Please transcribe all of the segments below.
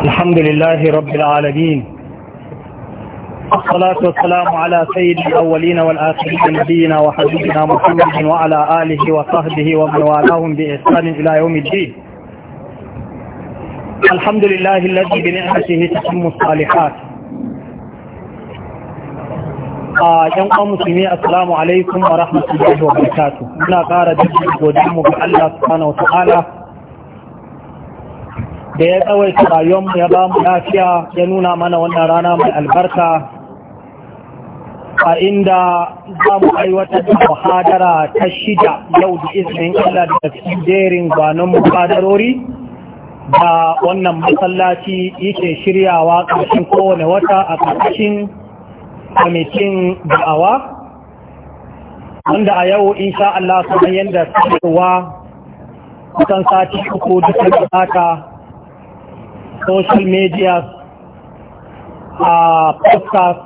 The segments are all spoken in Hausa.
الحمد لله رب العالمين الصلاة والسلام على سيد الأولين والآخرين نبينا وحبيبنا محمد وعلى آله وصحبه ومن والاهم بإحسان إلى يوم الدين الحمد لله الذي بنعمته تتم الصالحات yan uwa musulmi assalamu alaikum wa rahmatullahi wa barakatuh muna ƙara dukkan godin mu ga Allah subhanahu wa ta'ala da ya tsawaita mu ya ba mu lafiya ya nuna mana wannan rana mai albarka a inda za mu aiwatar da muhadara ta shida yau da izinin Allah da cikin jerin gwanon muhadarori da wannan masallaci yake shiryawa ƙarshen kowane wata a ƙarshen kwamitin da'awa wanda a yau insha Allah kamar yadda sanarwa kusan sati uku duka da social media a podcast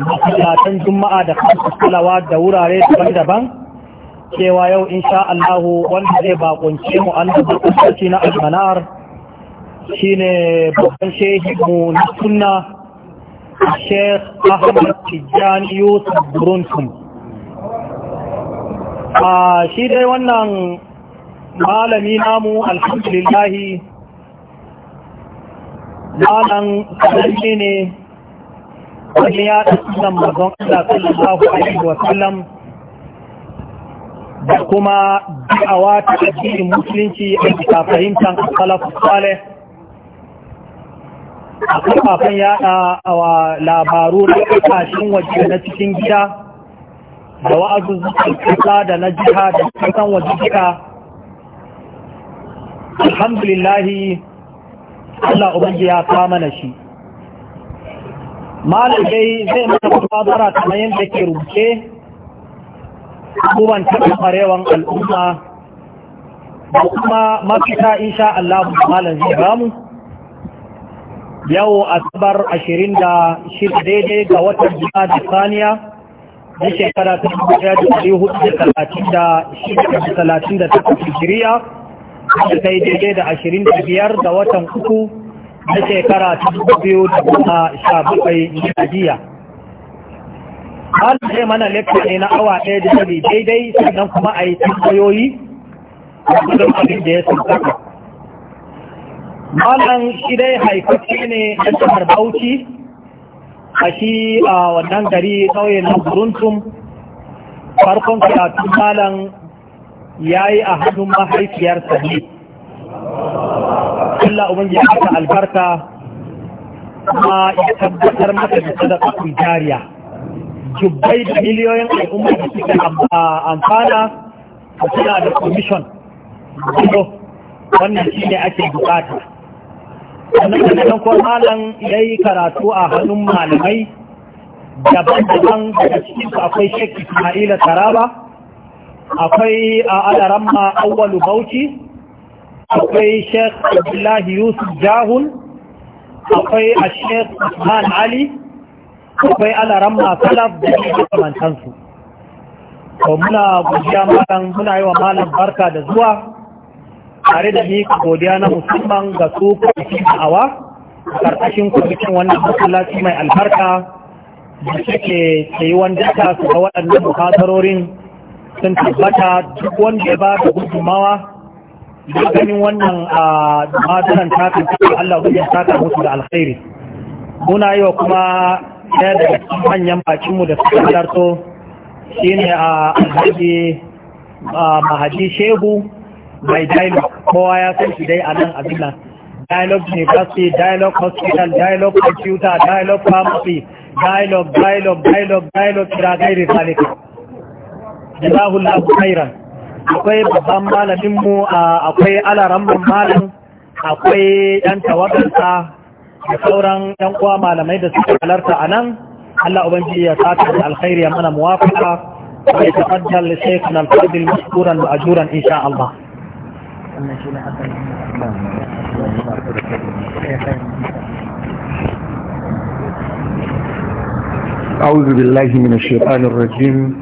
masalatan juma'a da kulawa da wurare daban-daban cewa yau insha Allah wanda zai bakunce mu an da kusurci na almanar shine babban mu na sunna Sheikh Ahmad Tijjani Yusuf Buruntum a shi dai wannan malami namu alhamdulillahi malan sanarci ne wani ya da sunan mazan Allah sallallahu alaihi wa sallam da kuma da'awa ta addinin musulunci a bisa fahimtar salafu salih a kafafen yada wa labaru na kashin waje na cikin gida da wa'azu zuwa da na jiha da kasan waje duka alhamdulillahi Allah ubangi ya kama mana shi dai zai mata mafadara kamar yadda ke rubuce abubuwan taɓarewan al'umma da kuma mafita insha Allah malam zai mu. yau a asabar ashirin da shida daidai ga watan jima da saniya da shekara ta 1436 da talatin da takwas da sai daidai da ashirin da biyar da watan uku na shekara ta biyu da kuma sha bakwai jiya. Wanda zai mana lekta ne na awa ɗaya da sabi daidai sannan kuma a yi tambayoyi a gudun abin da ya sauƙaƙa. Malam shi dai haifafi ne na jihar Bauchi a shi a wannan gari ƙauye na Buruntum farkon karatun malam ya yi a hannun mahaifiyar ne Allah ubangi ya ta albarka kuma ya tabbatar mata da sadakatun jariya jubbai da miliyoyin al'umma da suke amfana a suna da commission wannan shi ne ake bukata Wannan da nan ya yi karatu a hannun malamai daban-daban daga cikinsu akwai shek ismaila taraba akwai a alaramma awwalu bauchi akwai sheikh abdullahi yusuf jahun akwai a sheikh usman ali akwai alaramma salaf da ke kamantansu to muna gudiya malam muna yi wa malam barka da zuwa tare da ni godiya na musamman ga su kwamitin a karkashin kwamitin wannan masallaci mai albarka da suke yi wanda ta su ga waɗannan muhasarorin sun tabbata duk wanda ya ba da gudunmawa da ganin wannan a mataran takan cikin Allah wajen taka mutu da alkhairi muna yi wa kuma ɗaya daga cikin manyan bakinmu da suka halarto shi ne a alhaji mahaji shehu mai dialog kowa ya san shi dai a nan abin nan university dialog hospital dialog computer dialog pharmacy dialog dialog dialog dialog kira gairi jazahu Allahu khairan akwai babban malamin mu akwai alaramman malam akwai ɗan tawagarsa da sauran yan uwa malamai da suka halarta a nan Allah ubangi ya sata da alkhairi ya mana muwafaka wa ya tafaddal li shaykhina al-fadil mashkuran wa ajuran insha Allah أعوذ بالله من الشيطان الرجيم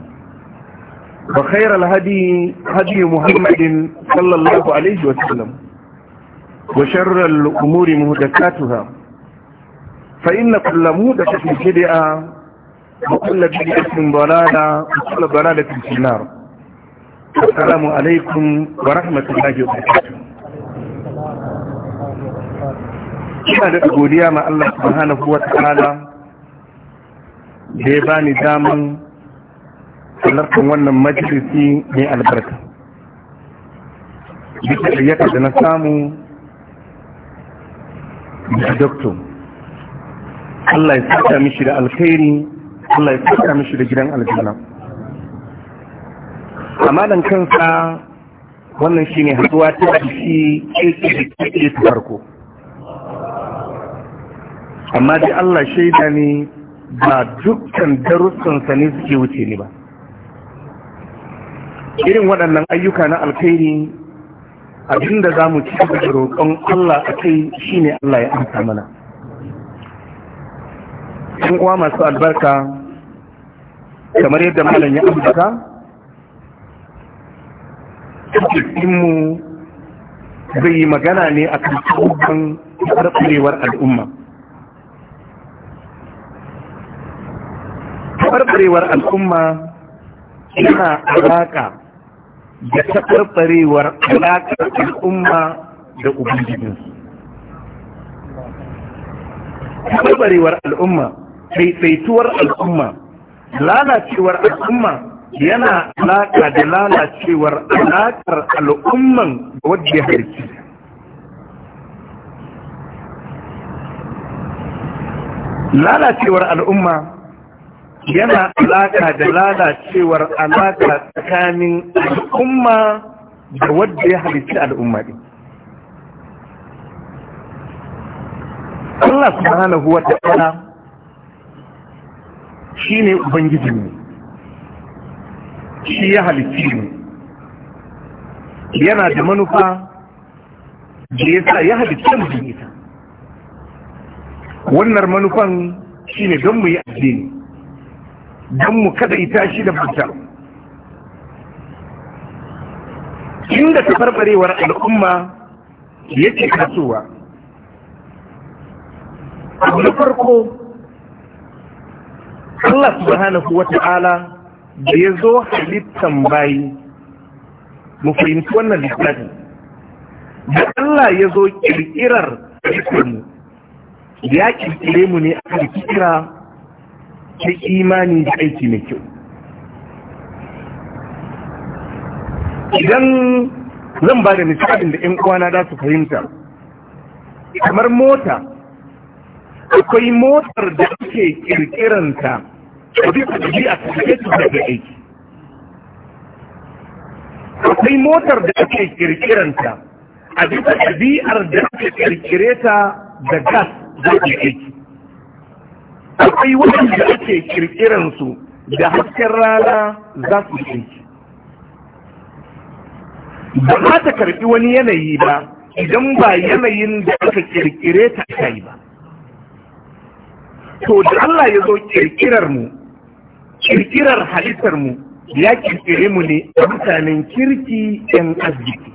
وخير الهدي هدي محمد صلى الله عليه وسلم وشر الأمور مهدكاتها فإن كل مهدكة بدعة وكل بدعة ضلالة وكل ضلالة في النار السلام عليكم ورحمة الله وبركاته ina da godiya ma Allah subhanahu wa ta'ala da ya bani daman sanarkan wannan majalisi mai albarka da gayyata da na samu da doktor Allah ya saka mishi da alkhairi Allah ya saka mishi da gidan aljanna dan kansa wannan shine haduwa ta shi keke da keke ta farko amma dai Allah shaida ne ba dukkan sa ne suke wuce ni ba irin waɗannan ayyuka na alkhairi abinda za mu ci da roƙon Allah a kai shi ne Allah ya amsa mana Yan uwa masu albarka kamar yadda malam ya ambata mu zai yi magana ne a kan tsohon karɓarewar al'umma karɓarewar al'umma yana alaƙa da taɓarɓarewar alaƙar al'umma da ubangijinsu taɓarɓarewar al'umma taifaituwar al'umma lalacewar al'umma yana alaƙa da lalacewar alaƙar al'umman da wadda ya harki lalacewar al'umma yana alaka da lalacewar alaka tsakanin al'umma da wadda ya halitta al'umma ɗin Allah hana wa ta'ala shi ne ubangiji ne shi ya halitti ne yana da manufa da ya sa ya halitta mu wannan manufan shi ne don mu yi addini don mu kada ita shi da mutum inda tabarbarewar al'umma yake kasuwa abu na farko Allah subhanahu wa ta'ala da ya zo halittan bayi mu fahimci wannan littafin da Allah ya zo kirkirar kirkirmu ya kirkire mu ne a kirkira sai imani da aiki mai kyau idan zan ba da misalin da 'yan kwana za su fahimta kamar mota akwai motar da ake kirkiranta a ɗabi'a da aiki akwai motar da ake kirkiranta a bisa ɗabi'ar da ake kirkire ta da gas za aiki akwai waɗanda ake kirkiransu da hasken rana za su tsinci ba za ta karɓi wani yanayi ba idan ba yanayin da aka kirkire ta ta yi ba to da Allah ya zo kirkirar mu kirkirar halittar mu ya kirkire mu ne a mutanen kirki yan arziki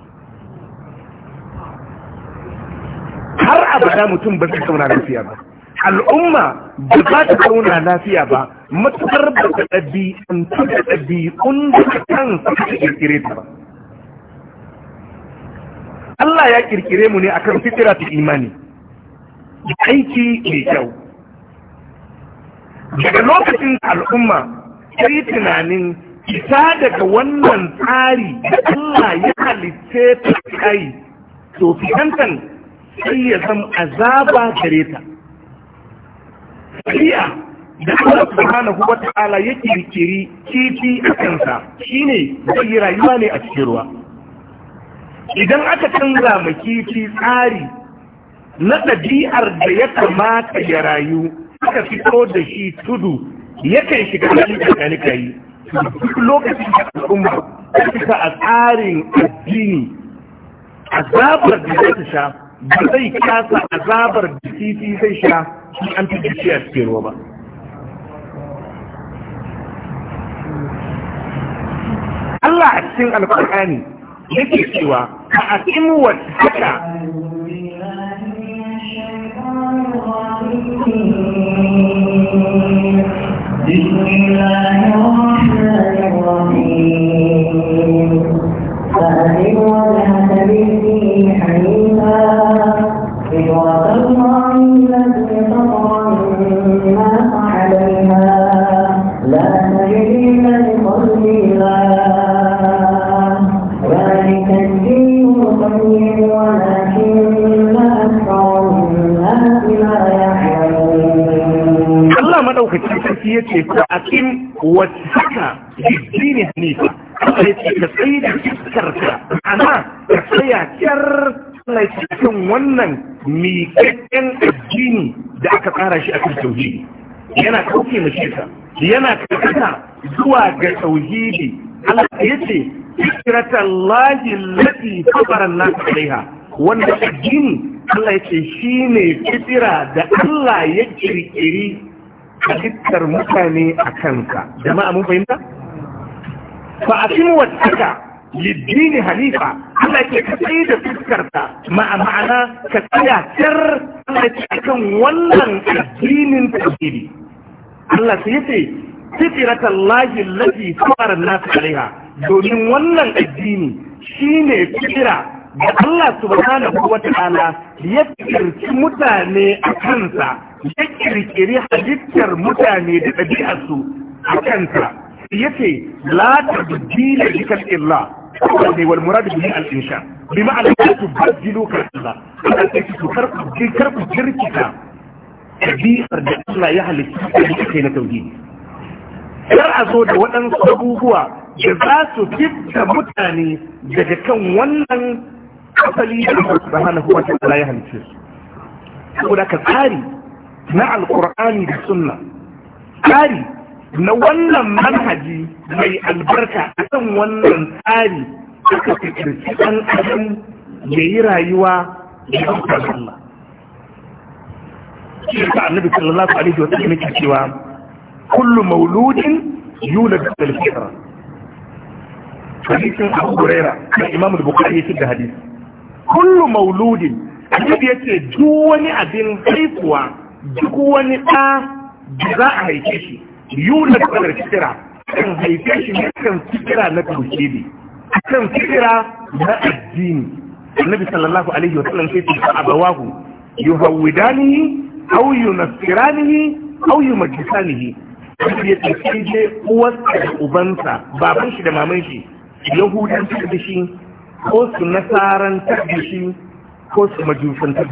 har abada mutum ba zai kamar lafiya ba al'umma ba za ta zauna lafiya ba matuƙar ba ta ɗabi'antu da ɗabi'un da kan suka ƙirƙire ta ba Allah ya ƙirƙire mu ne akan fitira ta imani aiki mai kyau daga lokacin al'umma ta yi tunanin isa daga wannan tsari da Allah ya halitta ta kai to fitantan sai ya zama azaba gare ta iya da Allah subhanahu wa ta'ala ya ƙirƙiri kifi a kansa shine zai yi rayuwa ne a cikin ruwa idan aka canza ma kifi tsari na ɗabi'ar da ya kamata ya rayu aka fito da shi tudu yakan shiga da ka kayi duk lokacin da al'umma ta fita a tsarin addini azabar da zai sha ba zai kasa azabar da kifi zai sha kuma an fi shi a cikin ruwa ba Allah a cikin alƙur'ani yake cewa ka aqimu wa haka بسم الله الرحمن الرحيم فأقم وجهك sarki ya ce ko a kin wata haka jijjini hanifa Allah ya ce ka tsaye da ana ka tsaya kyar Allah cikin wannan miƙaƙƙen addini da aka tsara shi a kan tauhidi yana kauke mu shirka yana karkata zuwa ga tauhidi Allah ya ce fikratan lahi lati fabara nasu alaiha wanda addini Allah ya ce shine fitira da Allah ya kirkiri halittar mutane a kanka jama'a mun fahimta fa asimu wattaka lidini halifa Allah ke ka da fuskarta ma'ana ka tsaya tar Allah ke akan wannan addinin tauhidi Allah sai yace fitratallahi allati fara nas alaiha domin wannan addini shine fitira da Allah subhanahu wa ta'ala ya fitarci mutane a kansa ya kirkiri halittar mutane da ɗabi'arsu a kanta ya ce la ta bujila likar illa kawai ne wal muradu bihi al insha bi ma'ana la tubaddilu ka illa ana ce ku karku karku kirkita ɗabi'ar da Allah ya halitta da kai na tauhidi kar a zo da waɗansu abubuwa da za su fitta mutane daga kan wannan asali da Allah subhanahu wa ta'ala ya halitta su saboda ka tsari na alkur'ani da sunna tsari na wannan manhaji mai albarka a kan wannan tsari aka fikirci ɗan adam ya yi rayuwa da ɗaukar Allah. Shi ka annabi sallallahu alaihi wa sallam yake cewa kullu mauludin yulad bil fitra. Hadisin Abu Huraira da Imam Bukhari yake da hadisi. Kullu mauludin annabi yace duk wani abin haihuwa duk wani ɗa da za a haife shi yuna da kadar fitira kan haife shi ne kan fitira na ne. kan fitira na addini annabi sallallahu alaihi wa sallam sai ta abawahu yuhawidanihi aw yunasiranihi aw yumajjisanihi ya tafi je uwarsa da ubansa baban shi da maman shi yahudan ta da shi ko su nasaran ta ko su majusan ta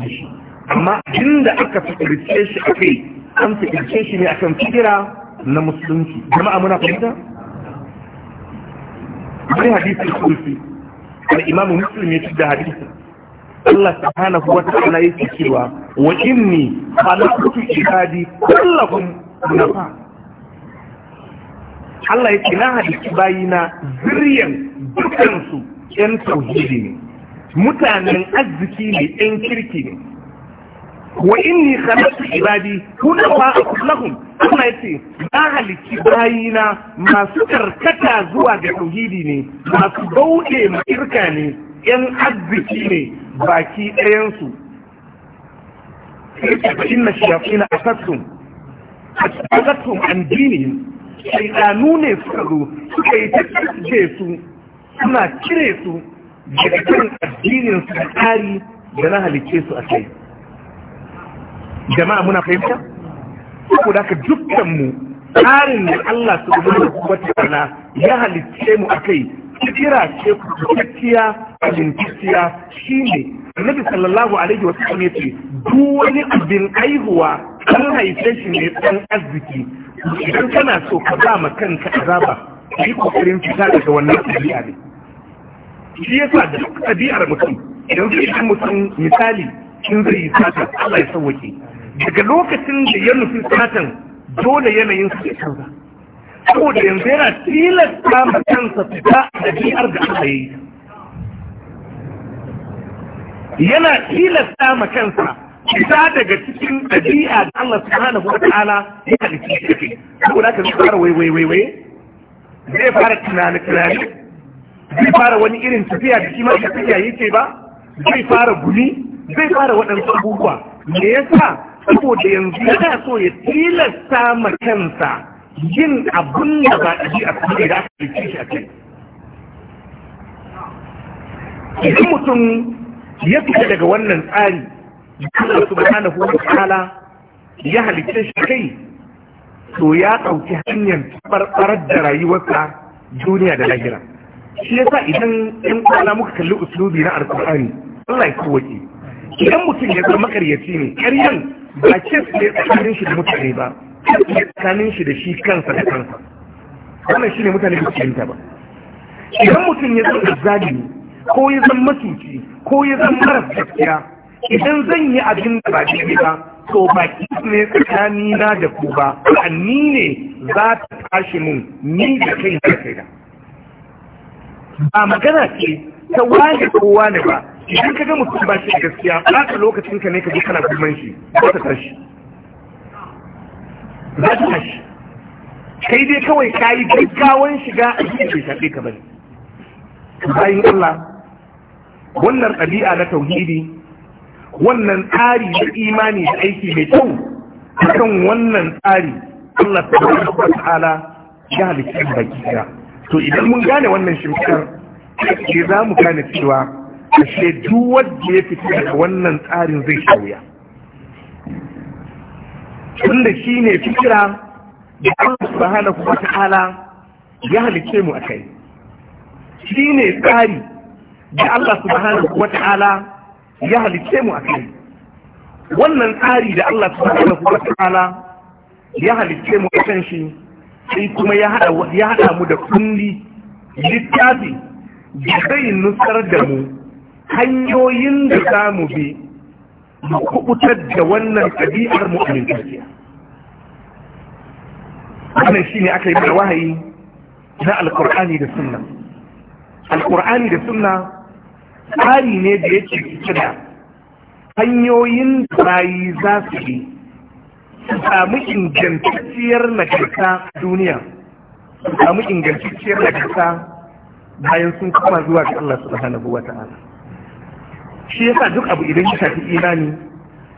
amma inda aka fikirce shi a kai an fikirce shi ne akan fikira na musulunci jama'a muna fahimta wani hadisi kulfi da imamu muslim ya ci da hadisi Allah ta hana ta'ala yake cewa wa inni khalaqtu ibadi kullakum nafa? Allah ya ce na hadisi na zuriyan dukansu ƴan tauhidi ne mutanen arziki ne ƴan kirki ne wa inni khalaqtu ibadi hunafa lahum kuma yace na halici bayina masu karkata zuwa ga tauhidi ne masu bauɗe ma irka ne yan arziki ne baki ɗayan su inna shayatin asattum asattum an dinihim shaydanu ne suka zo suka yi su suna cire su daga kan addinin su da tsari da na halice su a kai jama'a muna fahimta saboda ka dukkan mu tsarin da Allah subhanahu wa ta'ala ya halicce mu a kai. kira ce ku cikakkiya shi shine annabi sallallahu alaihi wasallam ya ce duwani wani abin aihuwa an haife shi ne ɗan arziki idan kana so ka ba ma kanka azaba yi kokarin fita daga wannan ɗabi'a ne shi yasa da ɗabi'ar mutum idan zai yi mutum misali in zai yi sata Allah ya sauwake daga lokacin da ya nufi satan dole yanayin su ya canza saboda yanzu yana tilasta ma kansa fita da biyar da aka yi yana tilasta ma kansa fita daga cikin ɗabi'a da Allah subhanahu wa ta'ala ya halitta shi saboda aka zai fara wai-wai-wai, zai fara tunani-tunani zai fara wani irin tafiya da shi ma tafiya yake ba zai fara gumi zai fara waɗansu abubuwa me yasa saboda yanzu yana so ya tilasta ma kansa yin abun da ba a ji a kuma da aka rike shi a kai idan mutum ya fita daga wannan tsari ba na hulun ta'ala ya halitta shi kai to ya ɗauki hanyar farfarar da rayuwarsa duniya da lahira shi yasa idan ɗan kwana muka kalli usulubi na alkur'ani Allah ya kowace idan mutum ya zama makaryaci ne ƙaryan ba su ne tsakanin shi da mutane ba tsakanin shi da shi kansa da kansa wannan shi ne mutane da cikinta ba idan mutum ya zama zalimi ko ya zama masuci ko ya zama maras gaskiya idan zan yi abin da ba ne ba to ba ne tsakani na da ku ba ni ne za ta tashi mun ni da kai da kai da ba magana ce ta wani kowa ne ba idan ka ga mutum ba shi da gaskiya ka lokacin ka ne ka ji kana gulman shi za ta tashi za ta tashi kai dai kawai ka yi gaggawan shiga a cikin bai shafe ka bane bayan Allah wannan ɗabi'a na tauhidi wannan tsari na imani da aiki mai kyau akan wannan tsari Allah subhanahu wa ta'ala ya halicci baki to idan mun gane wannan shimkar sai za mu gane cewa ashe duk wanda ya fita daga wannan tsarin zai shawuya wanda shi ne fikira da Allah kuma ta Ala ya halice mu a kai shi ne tsari da Allah subhanahu wa ta'ala ya halice mu a kai wannan tsari da Allah subhanahu wa ta'ala ya halice mu a kan shi sai kuma ya haɗa mu da kulli littafi da zai nusar da mu hanyoyin da za mu bi mu kubutar da wannan ɗabi'ar mu'amin gaskiya wannan ne aka yi wahayi na alkur'ani da sunna alkur'ani da sunna tsari ne da ya yake cike da hanyoyin turayi za su bi su samu ingantacciyar nagarta duniya su samu ingantacciyar nagarta bayan sun kama zuwa ga Allah subhanahu wa ta'ala shi yasa duk abu idan ya shafi imani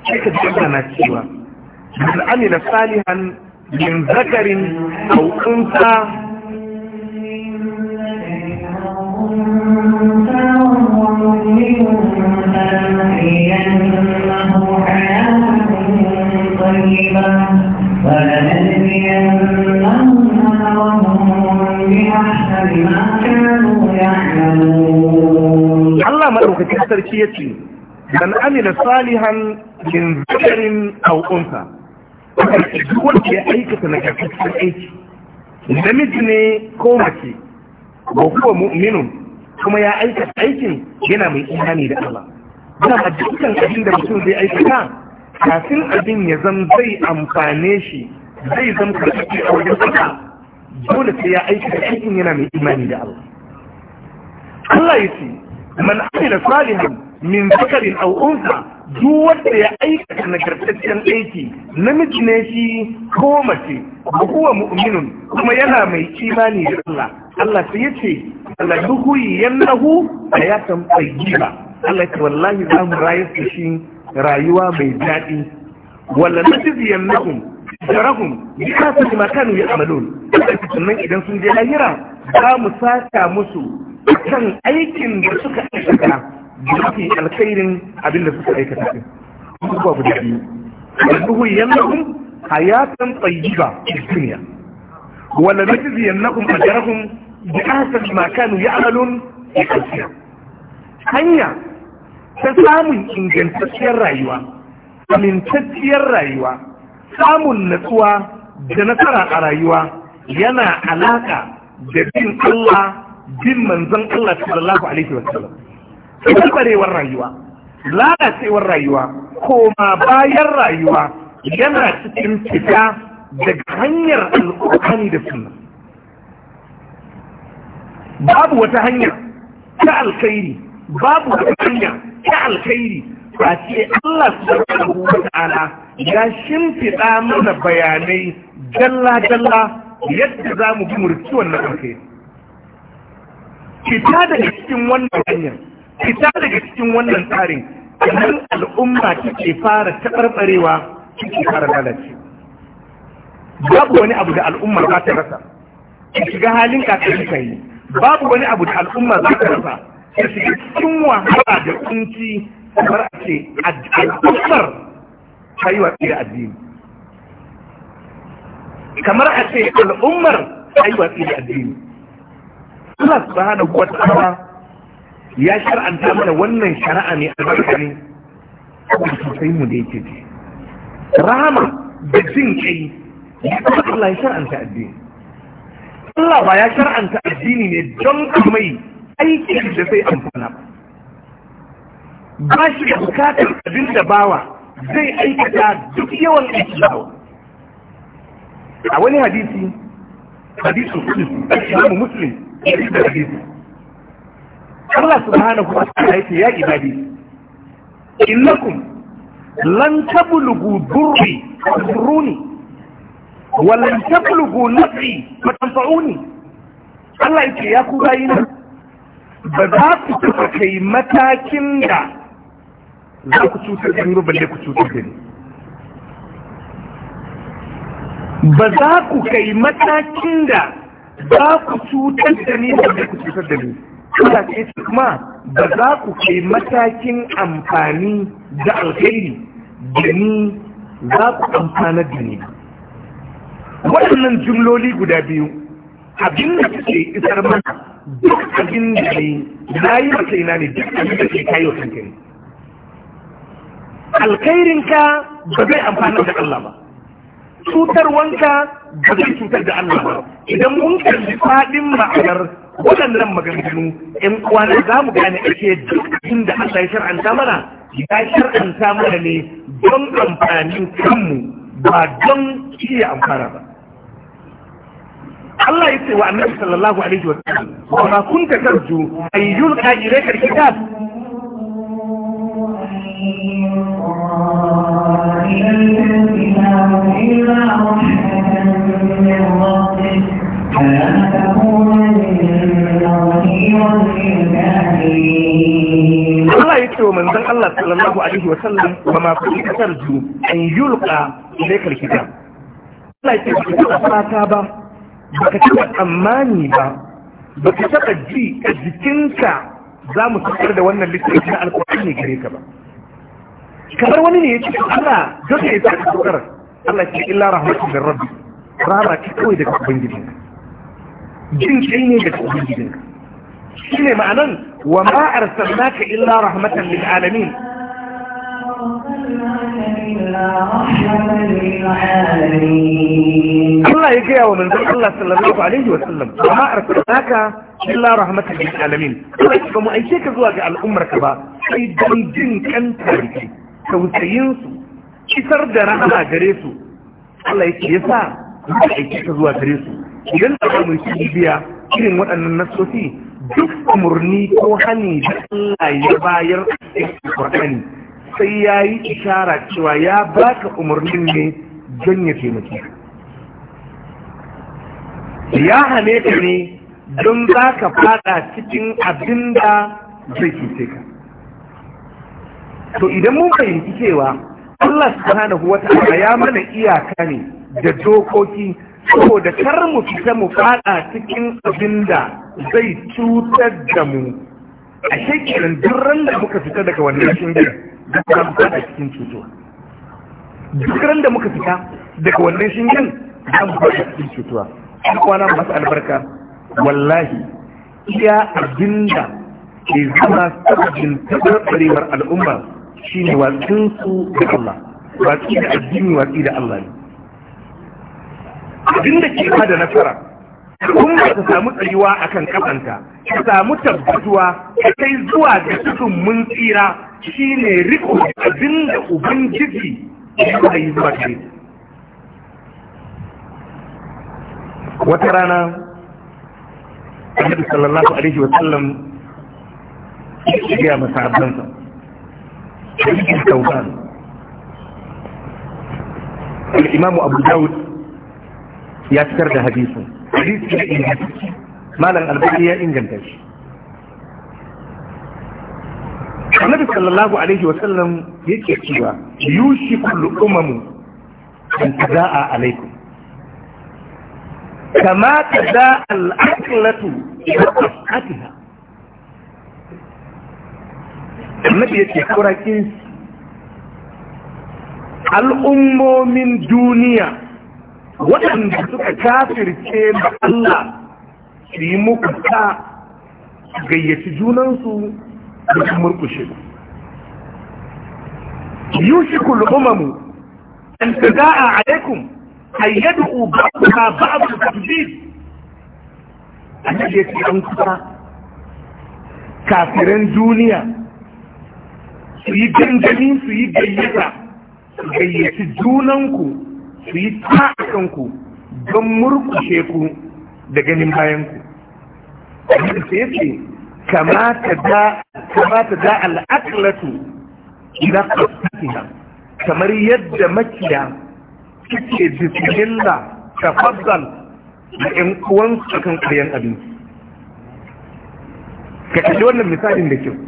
sai ka ji cewa man amila salihan min zakarin aw unsa madaukakin sarki ya ce man amila salihan min zakarin aw wanda ya aikata nagartaccen aiki namiji ne ko mace ko mu'minun kuma ya aikata aikin yana mai imani da Allah dama dukkan abin da mutum zai aikata kafin abin ya zan zai amfane shi zai zan karfi a wajen Allah dole sai ya aikata aikin yana mai imani da Allah Allah ya man Amina salihan min zakarin aw unsa duk wanda ya aikata nagartaccen aiki namiji ne shi ko mace huwa mu'minun kuma yana mai kimani da Allah Allah sai ya ce Allah duhu yannahu hayatan ba. Allah ta wallahi za mu rayar da shi rayuwa mai daɗi wala najziyannahum jarahum bi kasati ma kanu ya'malun sannan idan sun je lahira za mu saka musu kan aikin da suka aikata da mafi alkhairin abin da suka aikata din abubuwa guda biyu yanzu yannahum hayatan tayyiba fi dunya wala najzi yannahum ajrahum bi ahsani ma kanu ya'malun fi dunya hanya ta samun ingantacciyar rayuwa amintacciyar rayuwa samun natsuwa da nasara a rayuwa yana alaka da bin Allah bin manzon Allah sallallahu alaihi wasallam kalbarewar rayuwa lalacewar rayuwa koma bayan rayuwa yana cikin fita daga hanyar alƙur'ani da sunna babu wata hanya ta alkhairi babu wata hanya ta alkhairi ba ce Allah sallallahu wa ta'ala ya shimfiɗa mana bayanai jalla-jalla, yadda za mu bi murci wannan alkhairi fita daga cikin wannan hanyar fita daga cikin wannan tsarin idan al'umma take fara taɓarɓarewa take fara lalace babu wani abu da al'umma za ta rasa ki shiga halin kakari ka yi babu wani abu da al'umma za ta rasa ki shiga cikin wahala da kunci kamar a ce al'ummar ta yi watsi da addini kamar a ce al'ummar ta yi watsi da addini Allah subhanahu wa ta'ala ya shar'anta mana wannan shari'a ne a ne sosai mu da yake rama rahama da jin kai ya kuma Allah ya shar'anta addini Allah ba ya shar'anta addini ne don kamai aikin da zai amfana ba shi da bukatar abin da bawa zai aikata duk yawan islamu a wani hadisi hadisun kudu a islamu muslim Allah subhanahu wa ta'ala yake ya ibadi innakum lan tablughu durri durruni wa lan tablughu nafi fatanfa'uni Allah yake ya ku bayina ba za ku taɓa kai matakin da za ku cutar da ni ba balle ku cutar da ni ba za ku kai matakin da za ku cutar da ni da ku cutar da ni Allah ce kuma ba za ku kai matakin amfani da alheri da ni za ku amfana da ni waɗannan jumloli guda biyu abin da suke isar mana duk abin da ne na yi mace ina ne duk abin da ke kayo kankan ne alkhairinka ba zai amfana da Allah ba cutar wanka ba zai cutar da Allah ba idan mun kalli faɗin ma'anar waɗannan maganganu ƴan kwana za mu gane ake dukkan da Allah ya shar'anta mana ya shar'anta mana ne don amfanin kanmu ba don kiyaye amfana ba Allah ya ce wa annabi sallallahu alaihi wa sallam wa ma kunta tarju ayyul ka ilayka alkitab إليك الكتاب إلا رحمة من ربك فلا تكونن ظهيرا للكافرين Allah ya ce wa manzon Allah sallallahu alaihi wa sallam ba ma ku tarju an yulka ilaykal kitab Allah ya ce ba ka fata ba ba ka taba tsammani ba ba ka taɓa ji a jikinka za mu fitar da wannan littafi na alkur'ani gare ka ba kamar wani ne ya ce Allah don ya sa ka dokar Allah ce illa rahmatun da rabbi rara ce kawai daga ubangijinka jin kai ne daga ubangijinka shi ne ma'anan wa ma ka illa rahmatan lil alamin Allah ya gaya wa manzon Allah sallallahu alaihi wa sallam wa ma arsalnaka illa rahmatan lil alamin kuma aike ka zuwa ga al'ummar ka ba sai dan jin kanta rike tausayinsu kisar da rahama gare su Allah yake ya sa muka aiki ka zuwa gare su idan da ba mu shi biya irin waɗannan nasofi duk umarni ko hani da Allah ya bayar a cikin sai ya yi ishara cewa ya baka umarnin ne don ya taimake ya hane ka ne don za ka fada cikin abin da zai cuce ka to idan mun fahimci cewa Allah subhanahu ta'ala ya mana iyaka ne da dokoki saboda kar mu fita mu fada cikin abin da zai cutar da mu a shekarun duran da muka fita daga wannan shingen da za mu fada cikin cutuwa duran da muka fita daga wannan shingen za mu fada cikin cutuwa an kwana masu albarka wallahi iya abin da ke zama sabbin tabarbarewar al'umma shi ne watsinsu da Allah watsi da addini watsi da Allah ne abin da ke ba da nasara kun ba ta samu tsayuwa a kan kafanta ta samu tabbatuwa ta kai zuwa ga cikin mun tsira shi ne riko abin da ubangiji ya yi zuwa gare wata rana annabi sallallahu alaihi wa sallam ya shiga masa abdansa شريك الثوبان الإمام أبو داود يذكر ده حديثه حديث ما لن ألبقية إن جنتش النبي صلى الله عليه وسلم yake cewa yushikul umamu an taza'a alaikum kama taza'a al'aqlatu ila asatiha annabi yake kurakin al'ummomin duniya waɗanda suka kafirce da Allah su yi muku ta gayyaci junansu da su murkushe yushiku al'umamu an tada'a alaikum ayyadu ba'daha ba'd tabdid annabi yake an kura kafiran duniya su yi gangami su yi gayyata su gayyaci junanku su yi ta'akanku don murkushe ku da ganin bayanku abin da ya ce kamata da al'aklatu idan ƙasashiya kamar yadda makiya suke bisimilla ta fazzal da ‘yan uwansu kan kayan abinci ka kashe wannan misalin da kyau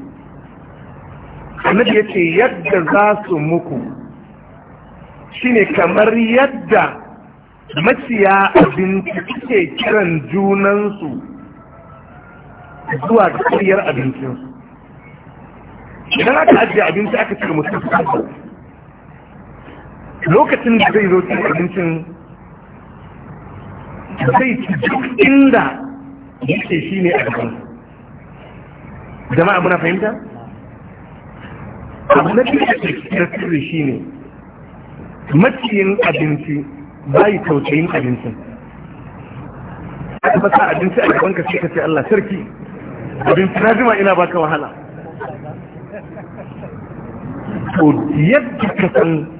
annabi ya ce yadda za su muku shine kamar yadda maciya abinci suke kiran junansu zuwa ga karyar abincinsu idan aka ajiye abinci aka cire mutum lokacin da zai zo cin abincin zai ci duk inda yake shi ne a gaban jama'a muna fahimta? abu na biyu da sirri shi ne maciyin abinci bayi tausayin abincin aka basa abinci a gaban ka sai ka ce Allah sarki abinci na jima ina baka wahala to yadda ka san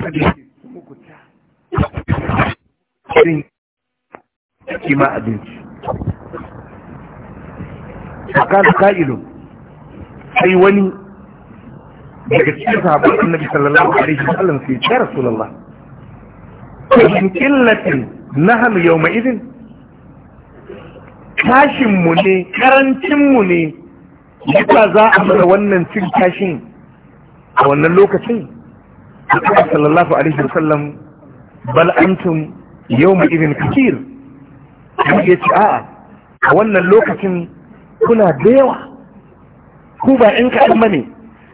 Thank you. irin kima abinci fakar ka'ilun sai wani daga cikin sahabbar annabi sallallahu alaihi wasallam sai ya rasulullah in killatin nahnu yawma idin kashin mu ne karancin mu ne yasa za a mana wannan cin kashin a wannan lokacin sallallahu alaihi wasallam bal antum yau mai ibin kakir ya ce a'a a wannan lokacin kuna da yawa ku ba in kaɗan ba ne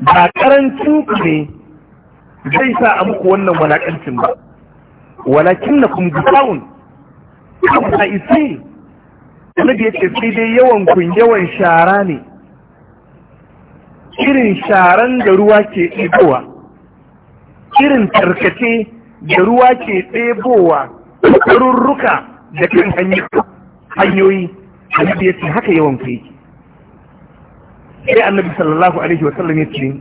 ba karancin ku ne zai sa a muku wannan walakancin ba walakin na kuma gusawun kan a isi wani da ya ce sai dai yawan kun yawan shara ne irin sharan da ruwa ke ɗebowa irin tarkace da ruwa ke ɗebowa rurruka da kan hanyoyi annabi ya ce haka yawan ku yake sai annabi sallallahu alaihi wasallam ya ce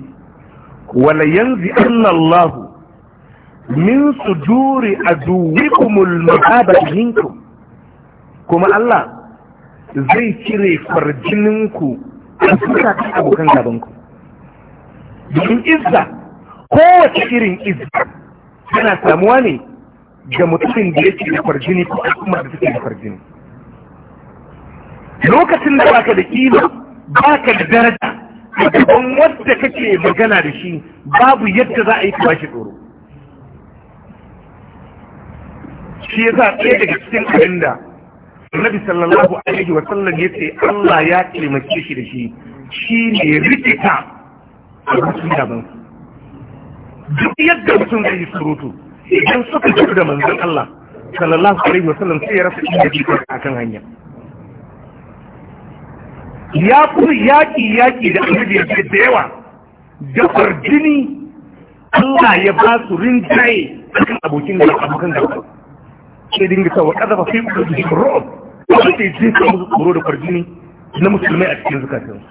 wala yanzu annallahu min suduri aduwikumul mahabba minkum kuma Allah zai cire farjininku a ta abokan gabanku domin izza kowace irin izza tana samuwa ne ga mutumin da yake da farjini ko al'ummar da take da farjini lokacin da baka da kima baka da daraja don wanda kake magana da shi babu yadda za a yi ka shi tsoro shi ya sa ɗaya daga cikin abin da Nabi sallallahu alaihi wa sallam ya ce Allah ya taimake shi da shi shi ne rikita a rikita daban duk yadda mutum zai yi surutu idan suka ci da manzon Allah sallallahu alaihi wasallam sai ya rasa inda jikin akan hanya ya kuma yaƙi yaƙi da annabi yake da yawa da farjini Allah ya ba su rinjaye akan abokin da abokan gaba sai dinga sa wa kaza fa da kudin rob sai ji ka musu tsoro da farjini na musulmai a cikin zakatun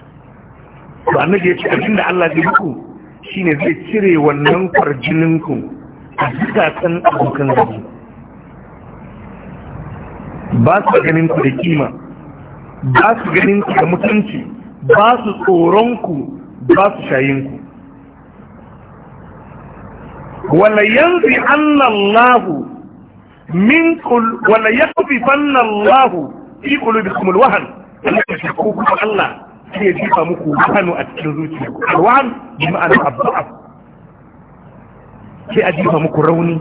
to annabi ya ce abinda Allah ya yi ku shine zai cire wannan farjinin ku a zukatan abokan zama ba su ganin ku da kima ba su ganin ku da mutunci ba su tsoronku ba su shayinku wala yanzu annallahu min kul wala yakfifan Allahu fi qulubikum alwahan Allah ya ku Allah sai ya jifa muku hannu a cikin zuciya alwahan bi ma'ana abdu'af sai a jifa muku rauni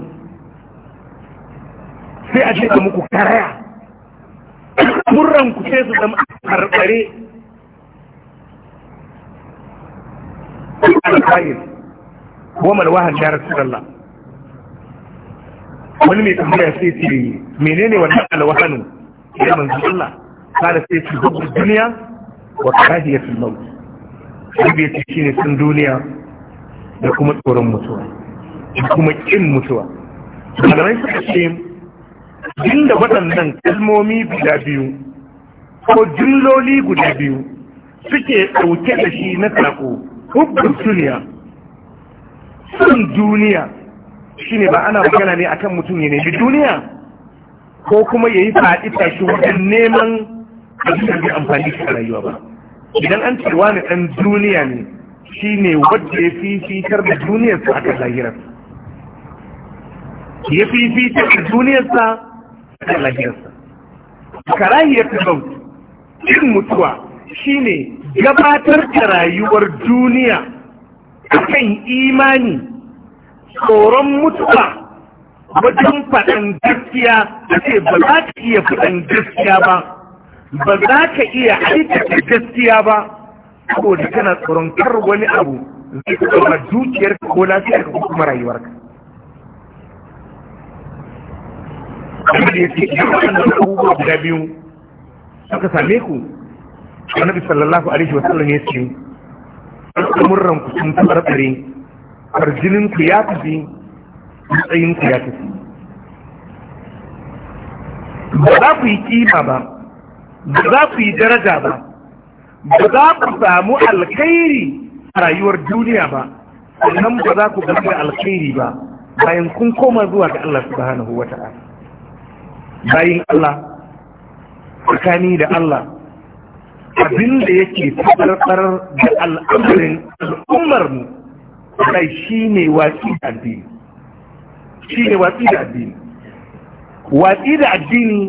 sai a jifa muku karaya murran ku sai su zama karɓare alƙa'il goma da wahan su rasulallah wani mai tambaya sai ce menene wannan alwahanu ya manzu Allah kada sai ce hubbu duniya wa karahiyatul maut sai bai ce shine sun duniya da kuma tsoron mutuwa da kuma ƙin mutuwa malamai suka ce inda waɗannan kalmomi guda biyu ko jimloli guda biyu suke ɗauke da shi na saƙo hukun duniya sun duniya shine ba ana magana ne akan mutum ya nemi duniya ko kuma ya yi faɗi tashi wajen neman abin da amfani shi a rayuwa ba idan an ce wani ɗan duniya ne shine wadda ya fifitar da duniyarsa akan lahirar ya fi ta a duniyarsa da lahirarsa karahiyar maut irin mutuwa shi ne gabatar da rayuwar duniya akan imani tsoron mutuwa wajen faɗin gaskiya a ce ba za ka iya faɗin gaskiya ba ba za ka iya aikata gaskiya ba saboda kana tsoron kar wani abu zai kuma dukiyarka ko lafiya ko kuma rayuwarka kamar da ya ce idan waɗannan abubuwa guda biyu suka same ku annabi sallallahu alaihi wa sallam ya ce al'amuran ku sun tabarbare farjinin ku ya tafi matsayin ku ya tafi ba za ku yi kima ba ba za ku yi daraja ba ba za ku samu alkhairi a rayuwar duniya ba sannan ba za ku gaba alkhairi ba bayan kun koma zuwa ga Allah subhanahu wa ta'ala bayin Allah tsakani da Allah abin da yake tsarkar da al'amarin al'ummar mu sai shi ne watsi da addini shi ne watsi da addini watsi da addini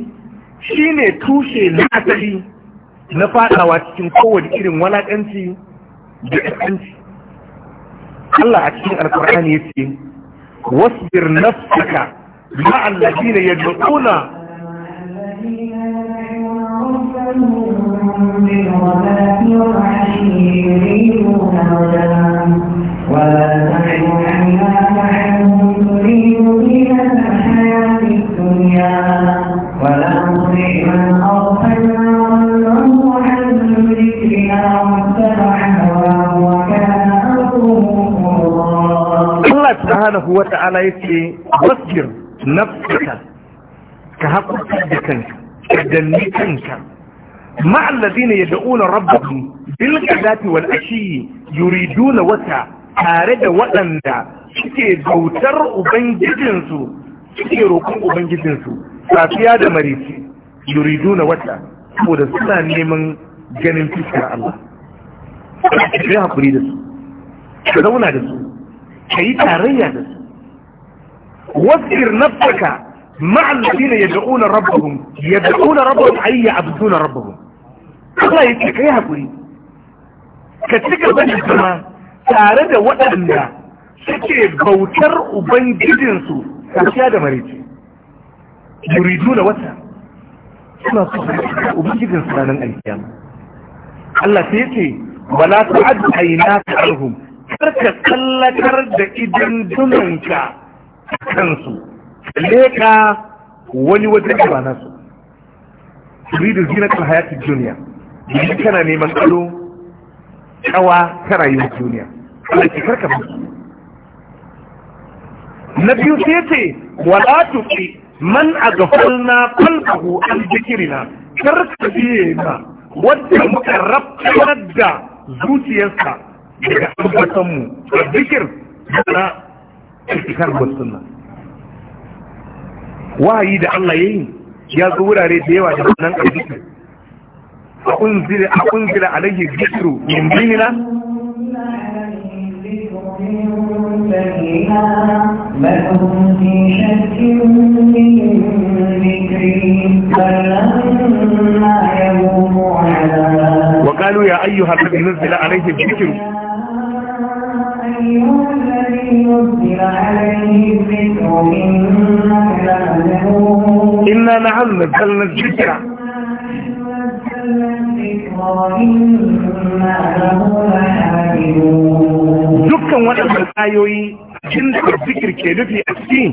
shi ne tushe na asali na fadawa cikin kowane irin walaƙanci da ƙanci Allah a cikin alƙur'ani ya ce wasbir nafsaka ma'allazina yad'una الذين يدعون ربهم بالغداة والعشي يريدون وجهه ولا تعد عيناك عنهم تريد الحياة الدنيا ولا تطع من أغفلنا وله عن ذكرنا واتبع هواه وكان أمره فرضا الله سبحانه وتعالى يسعي واصبر نفسك ka haƙurkar da kanka ka danni kanka ma'allazi ne ya da'una rabbahu bil gadati wal ashi yuriduna wata tare da waɗanda suke bautar ubangijinsu suke roƙon ubangijinsu safiya da marici yuriduna wata saboda suna neman ganin fuskar Allah ka yi haƙuri da su ka zauna da su ka yi tarayya da su wasir nafsaka ma'al ladina yad'una rabbahum yad'una rabbahum ay ya'buduna rabbahum Allah yake kai hakuri ka cika bani zama tare da waɗanda suke bautar ubangijinsu safiya da marece yuridu wata suna so ubangijinsu ranar alkiyama Allah sai yake wala ta'ad aynaka anhum karka tsallakar da idan dunanka kansu leka wani wajen da ba nasu zina kan hayatid duniya yi kana neman tsaro. kawa ta rayuwar duniya Allah ki karka na biyu sai ce wala tuki man aghfalna qalbahu an dhikrina karka biye ma wanda muka rabtar da zuciyarsa daga ambaton mu zikir na ikar sunna wahayi da Allah ya yi ya zo wurare da yawa da nan arziki a kunzira a kunzira unzila alaihi dhikru min dinina وقالوا يا أيها الذي نزل عليه الذكر أيها الذي نزل عليه الذكر إنك لمجنون إنا نعلم نزلنا الذكر dukkan waɗannan ayoyi jin da zikir ke nufi a cikin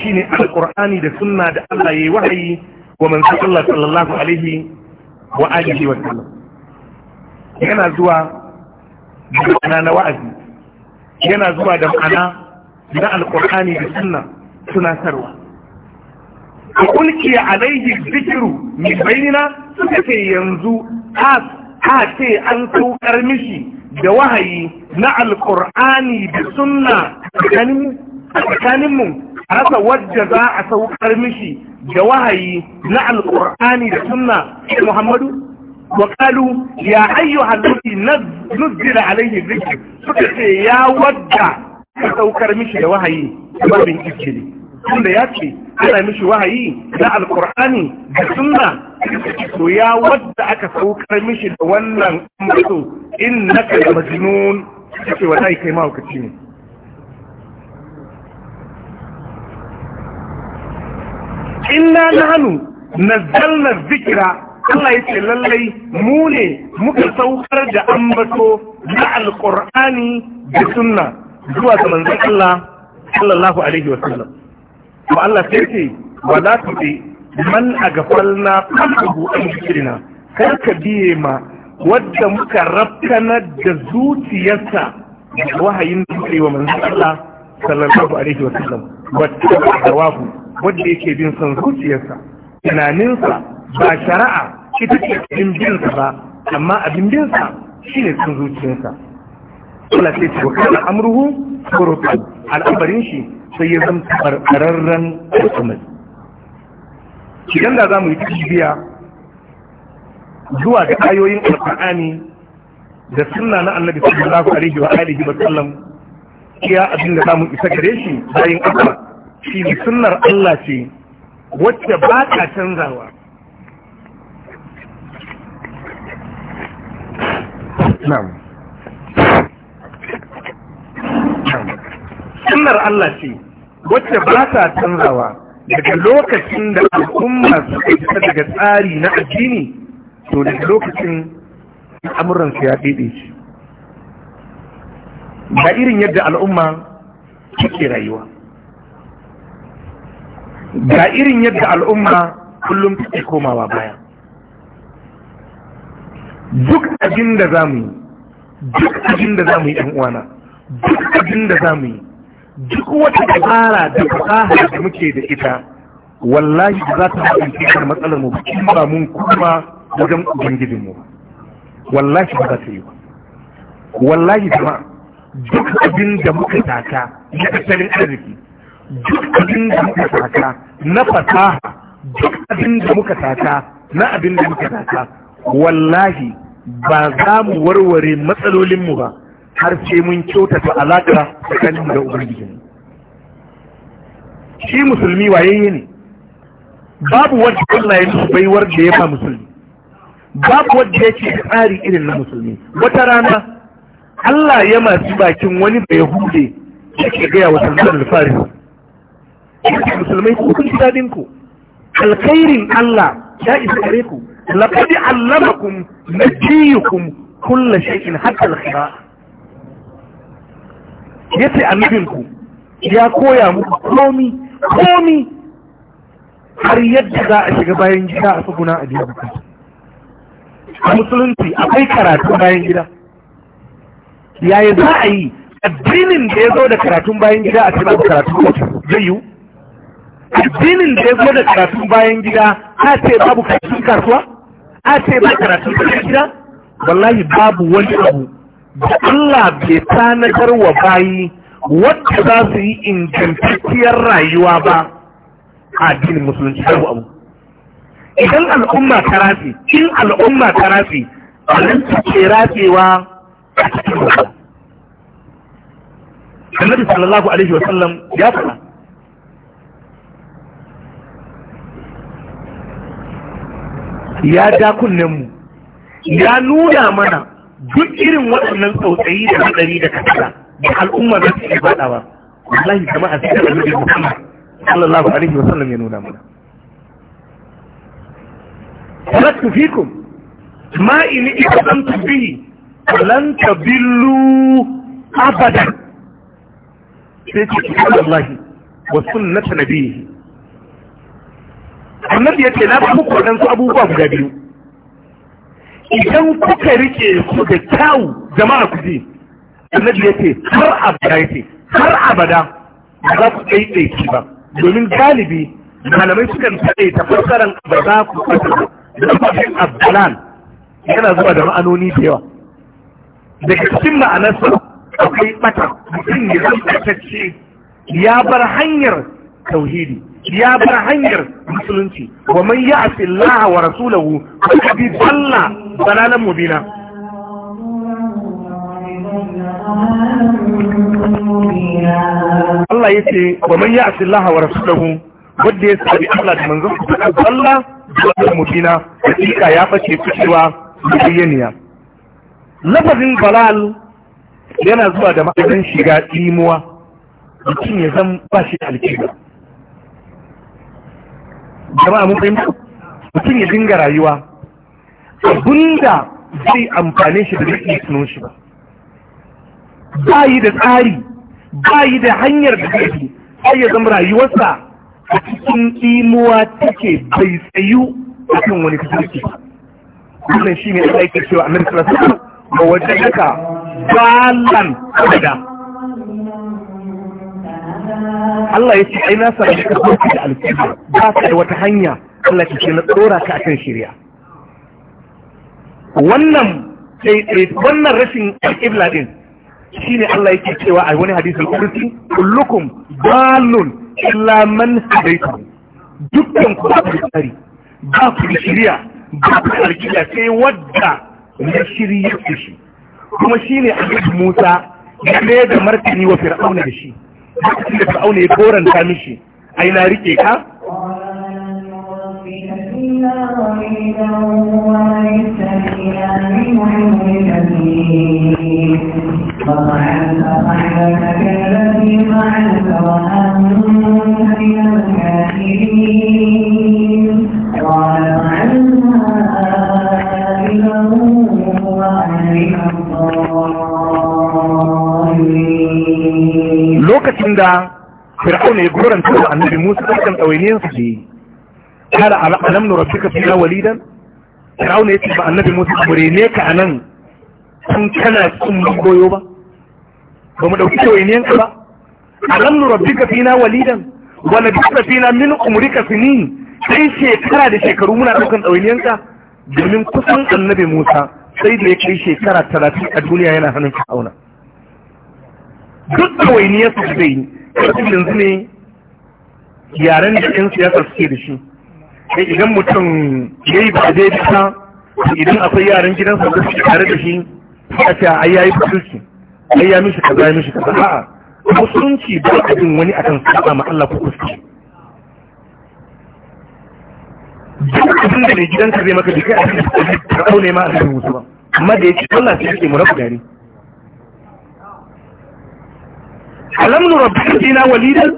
shine alƙur'ani da sunna da Allah yayi wahayi wa manzo Allah sallallahu alaihi wa alihi wa sallam yana zuwa da na wa'azi yana zuwa da ma'ana na alkur'ani da suna tunatarwa a ulkiya alaihi zikiru min bainina suka ce yanzu ta ce an saukar mishi da wahayi na alkur'ani da suna tsakaninmu a rasa wadda za a saukar mishi da wahayi na Alƙur'ani da sunna muhammadu وقالوا يا أيها الذي نزل عليه الذكر فكتي يا ودع فتوكر مش يا وهي ما من إجلي كل ياتي أنا مش وهي لا القرآن بسنة ويا ودع فتوكر مش ولا أمرتو إنك مجنون فكتي ولاي كيما وكتيني إنا نحن نزلنا الذكر Allah yake lallai mu ne muka saukar da ambato na alqur'ani da sunna zuwa ga manzon Allah sallallahu alaihi wa sallam to Allah sai ce wala tuti man aghfalna qalbuhu an dhikrina kar ka biye ma wadda muka rafkanar da zuciyarsa wahayin da muka yi wa manzon Allah sallallahu alaihi wa sallam wacce da wahu wadda yake bin san zuciyarsa tunaninsa ba shari'a ita ce abin binsa ba amma abin binsa shi ne sun zuciyarsa kula sai ce wakil amurhu furutan al'amarin shi sai ya zama barbararren mutumin idan da za mu yi tafiya zuwa ga ayoyin alƙur'ani da sunna na annabi sallallahu alaihi wa alihi wa sallam iya abin da zamu isa gare shi bayan Allah shi sunnar Allah ce wacce ba ta canzawa nam sunnar Allah ce wacce ba ta canzawa daga lokacin da al'umma suka fita daga tsari na addini to daga lokacin al'amuransu ya ɗaiɗe shi ba irin yadda al'umma suke rayuwa ga irin yadda al'umma kullum take komawa baya duk abin da za mu yi duk abin da za mu yi ɗan uwana duk abin da za mu yi duk wata dabara da fasaha da muke da ita wallahi da za ta haɗin cikin matsalar mu ba mun kuma wajen ubangijinmu ba wallahi ba za ta yi ba wallahi zama, duk abin da muka taka na tattalin arziki duk abin da muka taka na fasaha duk abin da muka taka na abin da muka taka wallahi ba za mu warware matsalolinmu ba har sai mun kyautata alaƙa tsakanin da ubangijinmu shi musulmi wayayye ne babu wadda Allah ya nufi baiwar da ya ba musulmi babu wadda yake tsari irin na musulmi wata rana Allah ya masu bakin wani bai hude ke gaya wa Salman al-Faris musulmai ku kun dadin ku alkhairin Allah ya isa gare ku laqad allamakum nabiyukum kull shay'in hatta al-qira'a yace annabinku ya koya muku komi har yadda za a shiga bayan gida a tsuguna a biya bukatu a musulunci akwai karatun bayan gida yaya za a yi addinin da ya zo da karatun bayan gida a cikin karatun kotu zai yiwu addinin da ya zo da karatun bayan gida ta ce babu karatun kasuwa a ce ba karatu cikin gida wallahi babu wani abu da Allah bai tanadar wa bayi wadda za su yi ingantacciyar rayuwa ba a addinin musulunci babu abu idan al'umma ta rafi in al'umma ta rafi wannan take rafewa a cikin wata annabi sallallahu alaihi wasallam ya faɗa ya ja mu ya nuna mana duk irin waɗannan tsautsayi da haɗari da kasala da al'umma za su iya faɗa ba wallahi jama'a sai da annabi Muhammad sallallahu alaihi wa sallam ya nuna mana taraktu fikum ma in ikazantu bihi lan tabillu abadan sai ce subhanallahi wa sunnat nabiyhi annabi ya ce na samu kwanan su abubuwa guda biyu idan kuka rike su da kyawu jama'a ku ji annabi ya ce har abada ya ce har abada ba za ku ɗaiɗaiki ba domin galibi malamai suka tsaye ta fassaran ba za ku abdalan yana zuwa da ma'anoni da yawa daga cikin ma'anar ma'anarsa akwai ɓata mutum ya zama ya bar hanyar tauhidi ya bar hanyar musulunci wa man ya'si Allah wa rasulahu fa bi dalla dalalan mubina Allah yace wa man ya'si Allah wa rasulahu wanda ya sabi Allah da manzon sa dalla dalalan mubina hakika ya bace fitowa bayyaniya lafazin balal yana zuwa da ma'anar shiga imuwa mutum ya zan ba shi alkiba jama'a mun fahimta mutum ya dinga rayuwa abinda zai amfane shi da zai tuno shi ba ba yi da tsari ba yi da hanyar da zai sai ya zama rayuwarsa a cikin imuwa take bai tsayu a kan wani kasance wannan shi ne da aiki cewa annabi sallallahu alaihi wasallam ga wajen haka balan abada Allah ya ce ai na sami ka sauki da alƙibla ba ka da wata hanya Allah ke na tsora ka akan shirya wannan wannan rashin ibla din shine Allah yake cewa a wani hadisul kurti kullukum dalun illa man hadaytum dukkan ku ba ku tsari ba ku da shirya ba ku da sai wadda ya shirya shi kuma shine Annabi Musa ya da martani wa Fir'auna da shi lokacin da fir'auna ya koranta mishi ai na rike ka فَمَا abin da fir'auna ya goranta da annabi musa ɗaukan ɗawainiyarsa da yi kala alam nu rabbika fina walidan fir'auna ya ce ba annabi musa amure ne ka anan kun kana kun goyo ba ba mu ɗauki ɗawainiyarka ba alam nu rabbika fina walidan wa labisa fina min umrika sinin sai shekara da shekaru muna ɗaukan ɗawainiyanka domin kusan annabi musa sai da ya kai shekara talatin a duniya yana hannun fir'auna duk ya da zai yi ƙarfi yanzu ne yaren da 'yan siyasa suke da shi sai idan mutum ya yi ba zai bisa idan akwai yaran gidan da suke tare da shi a ce ai yayi butulci ai ya mishi kaza ya mishi kaza a'a musulunci ba a bin wani akan saba ma Allah ko kuskure duk abin da gidan ka zai maka kai a cikin da ne ma a cikin musu ba amma da ya ce Allah sai yake mu rafu gari alam nurabbika fina walidan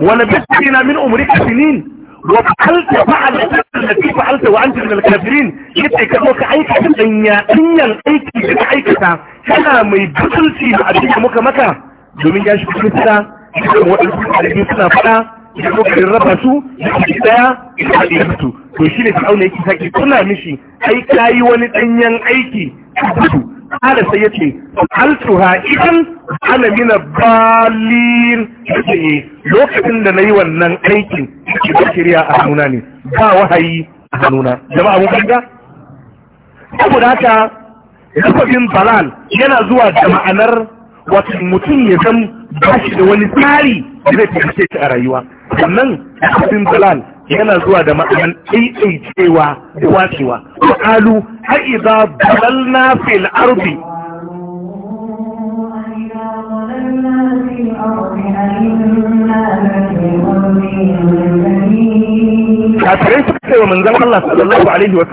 wa labitta fina min umrika sinin wa fa'alta fa'alta allati fa'alta wa anta min al-kafirin yace ka zo ka aika danya danyan aiki da ka aikata kana mai butulci da abin da muka maka domin ya shi kusa da wadansu suna fada ya kokarin raba su da kuɗi ɗaya da haɗe su to shi ne fir'auna yake sake tuna mishi ai kayi wani ɗanyen aiki ka gudu ala sai ya ce altuha idan ana mina balin yace lokacin da na yi wannan aikin ke da a hannuna ne ba wahayi a hannuna jama'a mun kanga saboda haka lafafin balal yana zuwa da ma'anar mutum ya san ba shi da wani tsari da zai taimake shi a rayuwa sannan abin dalal yana zuwa da ma'anan cewa da wacewa alu har iza na fil arbi kafirai suka ce wa manzan Allah sallallahu alaihi wa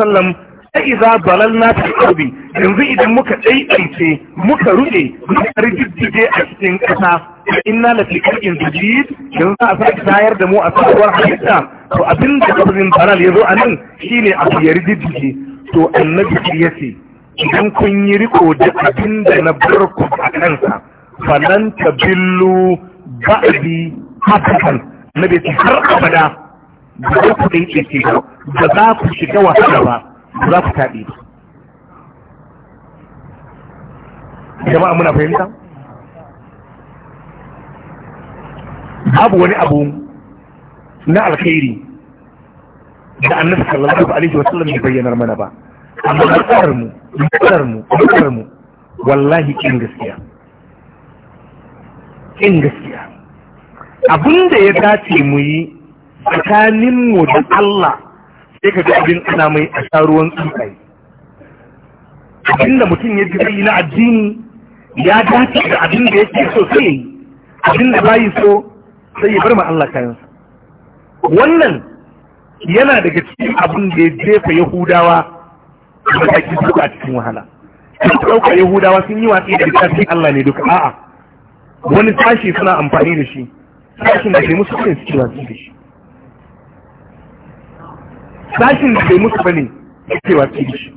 iza balalna ta arbi yanzu idan muka ɗaiɗaice muka ruɗe muka rigiddige a cikin ƙasa inna na fi kalkin jidid yanzu za a sake tayar da mu a sabuwar halitta to abin da kabrin balal ya zo a nan shine a ya rigiddige to annabi ya ce idan kun yi riko da abin da na bar a kansa falan tabillu ba'di hakan annabi ce har abada ba ku ɗaiɗaice ba ba za ku shiga da ba za ku taɓe jama'a muna fahimta babu wani abu na alkhairi da annabi sallallahu alaihi wa sallam ya bayyanar mana ba amma matsalar mu matsalar mu matsalar mu wallahi kin gaskiya kin gaskiya abinda ya dace mu yi tsakanin mu da Allah sai ka ga abin ana mai a sha ruwan tsuntsaye da mutum ya ji na addini ya dace da abin da yake so sai yi abin da bayi so sai ya bar ma Allah kayansa wannan yana daga cikin abin da ya jefa Yahudawa da kake suka cikin wahala sun ɗaukar Yahudawa sun yi watsi da littafin Allah ne duka a'a wani tashi suna amfani da shi Tashin da ke musu kan suke watsi da shi sashin da bai musu bane yake watsi da shi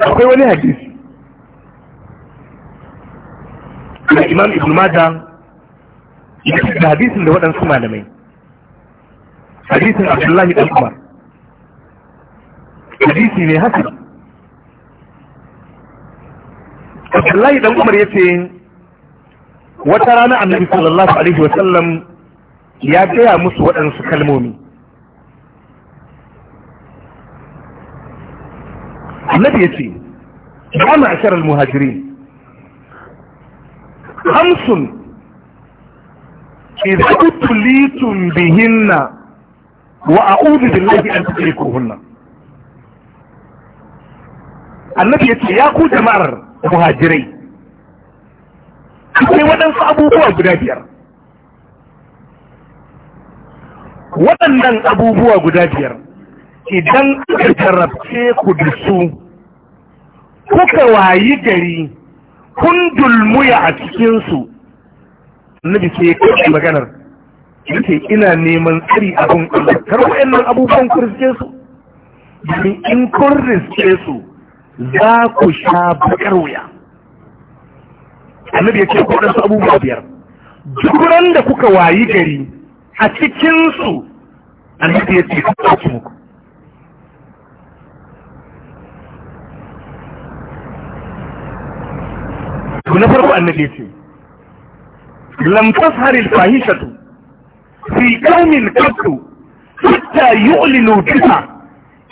akwai wani hadisi da imam ibn mada da hadisin da waɗansu malamai hadisin abdullahi dan umar hadisi ne haka abdullahi dan umar ya ce wata rana annabi sallallahu alaihi wasallam ya gaya musu waɗansu kalmomi annabi ya ce ya mu al muhajiri. hamsun Idan idza tulitum bihinna wa a'udhu billahi an tukrikuhunna annabi ya ce ya ku jama'ar muhajirai akwai waɗansu abubuwa guda biyar waɗannan abubuwa guda biyar idan aka jarabce ku da su kuka wayi gari kun dulmuya a cikinsu nabi sai kai maganar yake ina neman tsari abin Allah kar wayannan abubuwan ku riske su domin in kun riske su za ku sha bakar wuya annabi yace ku su abubuwa biyar duk da kuka wayi gari a cikinsu annabi ya ce kuma su muku to na farko annabi ya ce lam tashhar al fahishatu fi qaumin qattu hatta yu'linu biha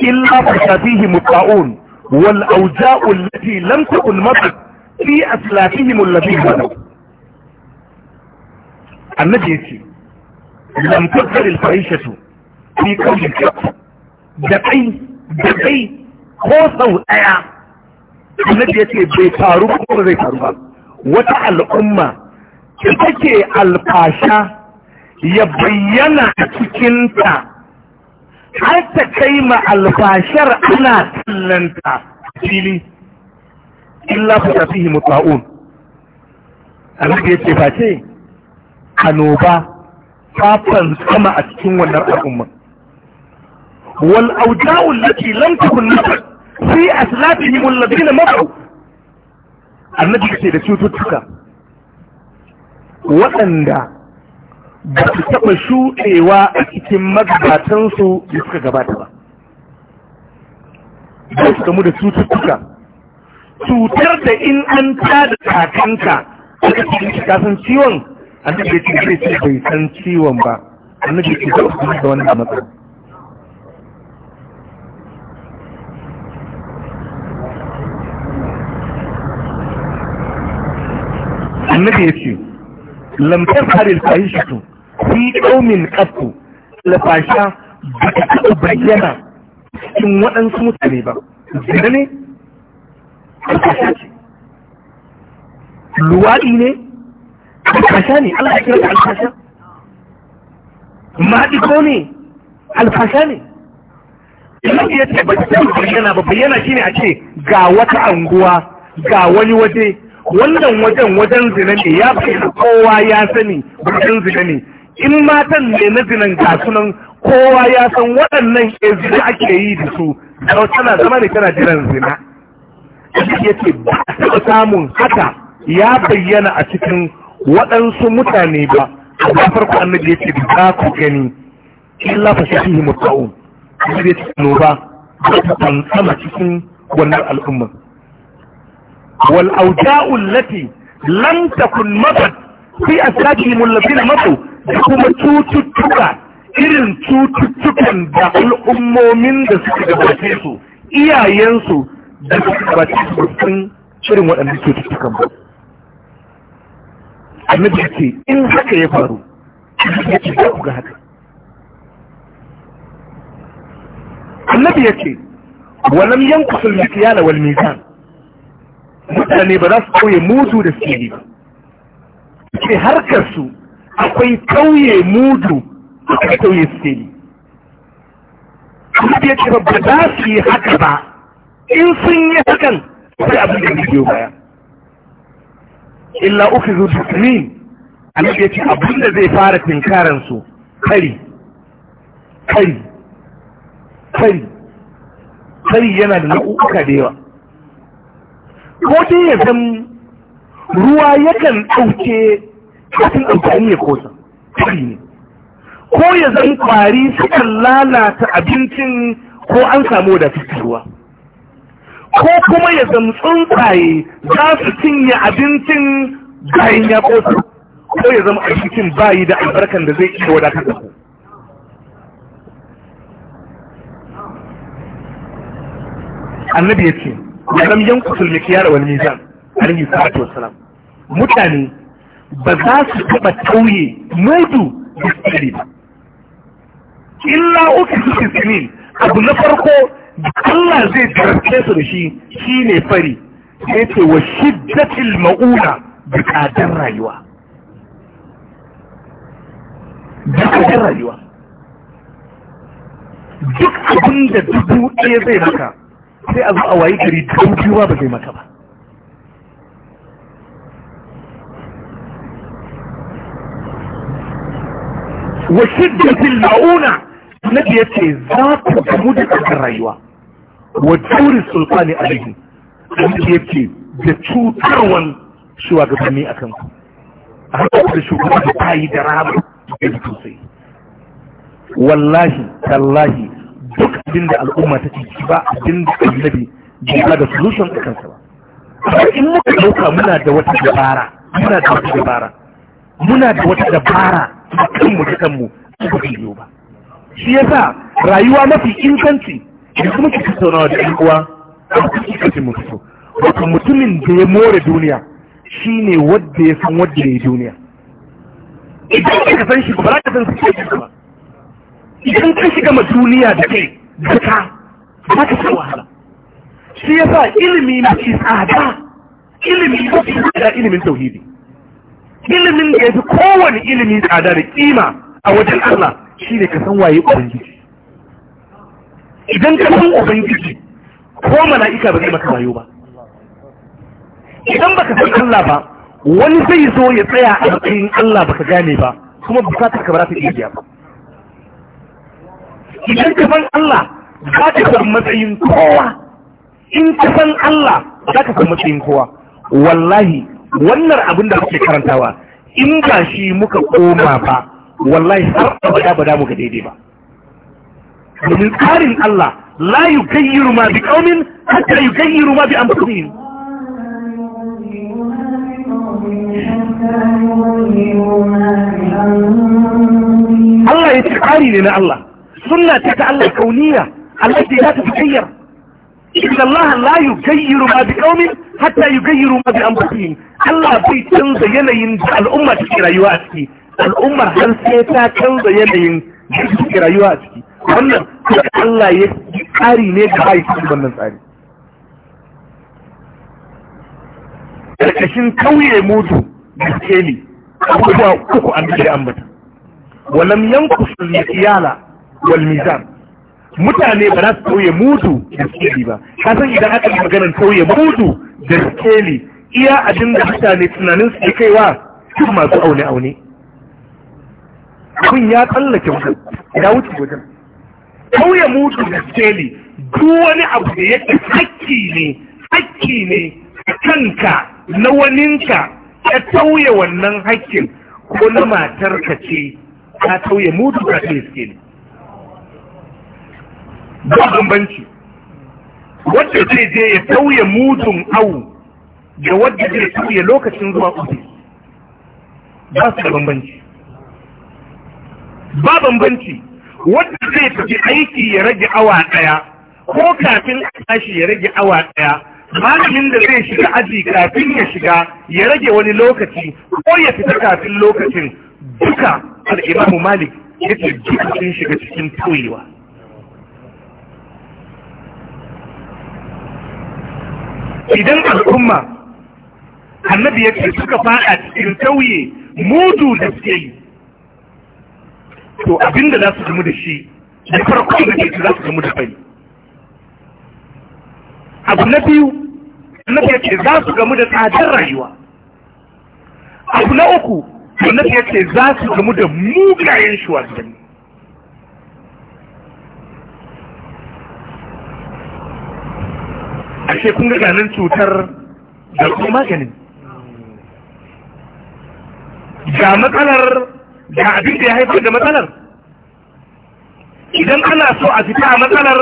illa fasadihi muta'un wal awja'u allati lam takun matat fi aslafihim alladhi badaw annabi ya ce lam tukar alfahishatu fi qawli da da kai ko sau ɗaya. annabi yace bai taru ko zai taru ba wata al'umma ita ce alfasha ya bayyana a cikinta har ta kai ma alfashar ana tallanta fili illa ku tafihi mutu'un annabi yace face anoba ta sama a cikin wannan al'umma wal auja'u allati lam takun nasar fi aslabihim alladhina madu annabi ce da cututtuka waɗanda ba su taɓa shuɗewa a cikin magabatansu da suka gabata ba ba su gamu da cututtuka cutar da in an tada kakanka a cikin kasan ciwon annabi ya ce zai ce bai san ciwon ba annabi ya ce da wannan annabi ya ce lafasha ba ta taɓa bayyana cikin waɗansu mutane ba zina ne luwaɗi ne alfasha ne Allah ya kira da alfasha maɗiko ne alfasha ne idan ya ce bayyana ba bayyana shine a ce ga wata anguwa ga wani waje wannan wajen wajen zina ne ya bayyana kowa ya sani wajen zina ne in matan ne na zinan ga sunan kowa ya san waɗannan ezina ake yi da su tana zama ne tana jiran zina ya ce ba a taɓa samun haka ya bayyana a cikin waɗansu mutane ba a farko annabi ya ce ba ku gani illa fa shahihi mutawo annabi ya ce no ba ta sama cikin wannan al'umma wal auja'u allati lam takun mabad fi asajihim allazina matu da kuma cututtuka irin cututtukan da al'ummomin da suka gabace su iyayensu da suka gabace su sun shirin waɗannan cututtukan ba annabi ya ce in haka ya faru ya ce ku ga haka annabi ya ce walam yankusul mikyala wal mizan mutane ba za su kauye mudu da sili ba ce harkar su akwai kauye mudu da kauye sili annabi ya ce ba za su yi haka ba in sun yi hakan sai abin da biyo baya illa uku zuzumin annabi ya ce abinda zai fara tinkaransu kari kari kari kari yana da na'uka da yawa ko dai ya zan ruwa yakan ɗauke kafin amfani ya kosa kari ne ko ya zan kwari sukan lalata abincin ko an samu da ruwa ko kuma ya zama tsuntsaye za su cinye abincin bayan ya kosa ko ya zama abincin bayi da albarkan da zai iya wadatar da ku annabi ya ce ya zama yankusul mikiyar wal mizan alaihi salatu wasalam mutane ba za su taba tauye mudu da tsari ba illa uku su abu na farko Allah zai tarfe su da shi shi ne fari sai ce wa shiddatil ma'una da tsadar rayuwa da rayuwa duk abin da dubu ɗaya zai maka sai a zo a wayi gari dubu biyu ba zai maka ba wa shiddatil ma'una na ya ce za ku gamu da tsadar rayuwa wa juri sulfani alaihi wanda yake da cutarwan shugabanni a kanku a haka da shugaban da ta yi da rama da yi sosai wallahi tallahi duk abin da al'umma ta ciki ba abin da annabi ba da solution a kansa ba amma in muka dauka muna da wata dabara muna da wata dabara muna da wata dabara a kanmu da kanmu ba zai yiwu ba shi yasa rayuwa mafi inganci da kuma ke tattaunawa da uwa a cikin kafin mutu wato mutumin da ya more duniya shine wadda ya san wadda ya yi duniya idan ka san shi ba za ka san su ke ba idan ka shiga ma duniya da kai da ka za ka san wahala shi ya sa ilimi mafi tsada ilimi mafi tsada ilimin tauhidi ilimin da ya fi kowane ilimi tsada da kima a wajen Allah shi ne ka san waye ubangiji idan ka san ubangiji ko mala'ika ba zai maka wayo ba idan baka san Allah ba wani zai zo ya tsaya a matsayin Allah baka gane ba kuma bukatar ka ba za ta iya biya ba idan ka san Allah za ka san matsayin kowa in ka san Allah za ka san matsayin kowa wallahi wannan abin da kuke karantawa in ba shi muka koma ba wallahi har abada ba da ga daidai ba من قارن الله لا يكير ما بقوم حتى يغير ما بأنفسهم الله يتقارن لنا الله سنة تتعلى الكونية التي لا تتغير إذا الله لا يغير ما بقوم حتى يغير ما بأنفسهم الله في بيتنز ينين الأمة تتعلى يواتي الأمة هل سيتا تنز ينين تتعلى يواتي wannan Allah ya tsari ne da haifin wannan tsari ƙarƙashin kauye mutu da skeli abubuwa uku an da ambata walam yanku iyala wal mizan mutane ba za su kauye mutu da keli ba ka san idan aka yi maganar kauye mutu da keli iya abin da mutane tunanin su kaiwa su masu aune aune kun ya tsallake wajen ya wuce wajen ko mutu gaske ne duk wani abu da yake hakki ne hakki ne kanka na waninka ka tauye wannan hakkin ko na matarka ce ka tauye mutu ka gaske ne ba bambanci wadda zai je ya tauye mutun au da wadda zai tauye lokacin zuwa ofis ba su da bambanci ba bambanci wanda zai tafi aiki ya rage awa ɗaya ko kafin a tashi ya rage awa ɗaya malamin da zai shiga aji kafin ya shiga ya rage wani lokaci ko ya fita kafin lokacin duka al'imamu malik ya ce duka sun shiga cikin tauyewa idan al'umma annabi ya ce suka fada cikin tauye mudu da suke yi to abinda za su gamu da shi da farkon da ke za su gamu da fari abu na biyu na ya ce za su gamu da tsadar rayuwa abu na uku na ya ce za su gamu da mugayen shugabanni ashe kun ga ganin cutar da kuma maganin ga matsalar da abin da ya haifar da matsalar idan ana so a fita a matsalar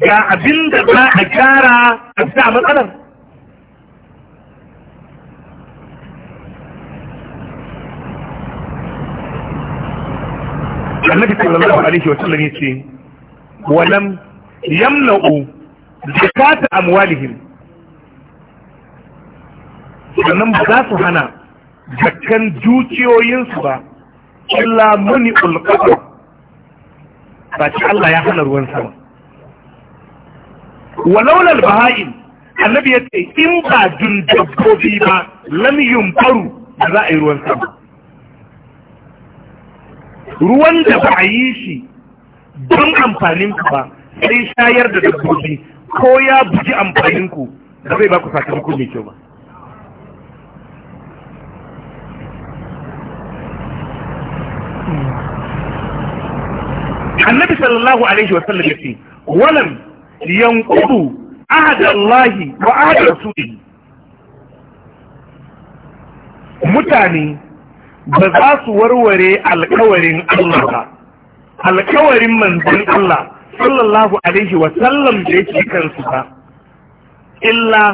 ga abin da za a gyara a fita a matsalar annabi sallallahu alaihi wa sallam yace walam yamna'u zakata amwalihim sannan ba za su hana zakkan dukiyoyinsu ba Allah muni ulqata ba ce Allah ya hana ruwan sama Wa launar Baha'in annabi ce in ba dun dabbobi ba lam faru da za a yi ruwan sama ruwan da ba a yi shi don amfanin ku ba sai shayar da dabbobi ko ya buji amfanin ku da zai ba ku sakamako mai kyau ba annabi sallallahu alaihi wa sallam yace walam yanqudu ahadallahi wa ahad rasulihi mutane ba za su warware alkawarin Allah ba alkawarin manzon Allah sallallahu alaihi wa sallam da yake kansu ba illa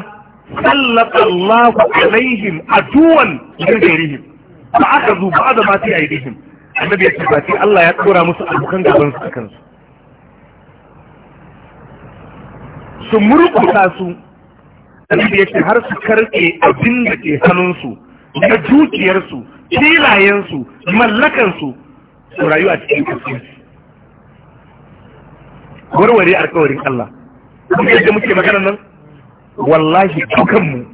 sallata Allah alaihim aduwan min ghairihim fa aka da ba'da ma yi aidihim annabi ya ce ba sai Allah ya tsora musu abokan gaban su akan su su murƙusa su annabi ya ce har su karɓe abin da ke hannunsu da dukiyarsu filayensu mallakansu su rayu a cikin kasuwa warware alkawarin Allah kuma yadda muke magana nan wallahi dukanmu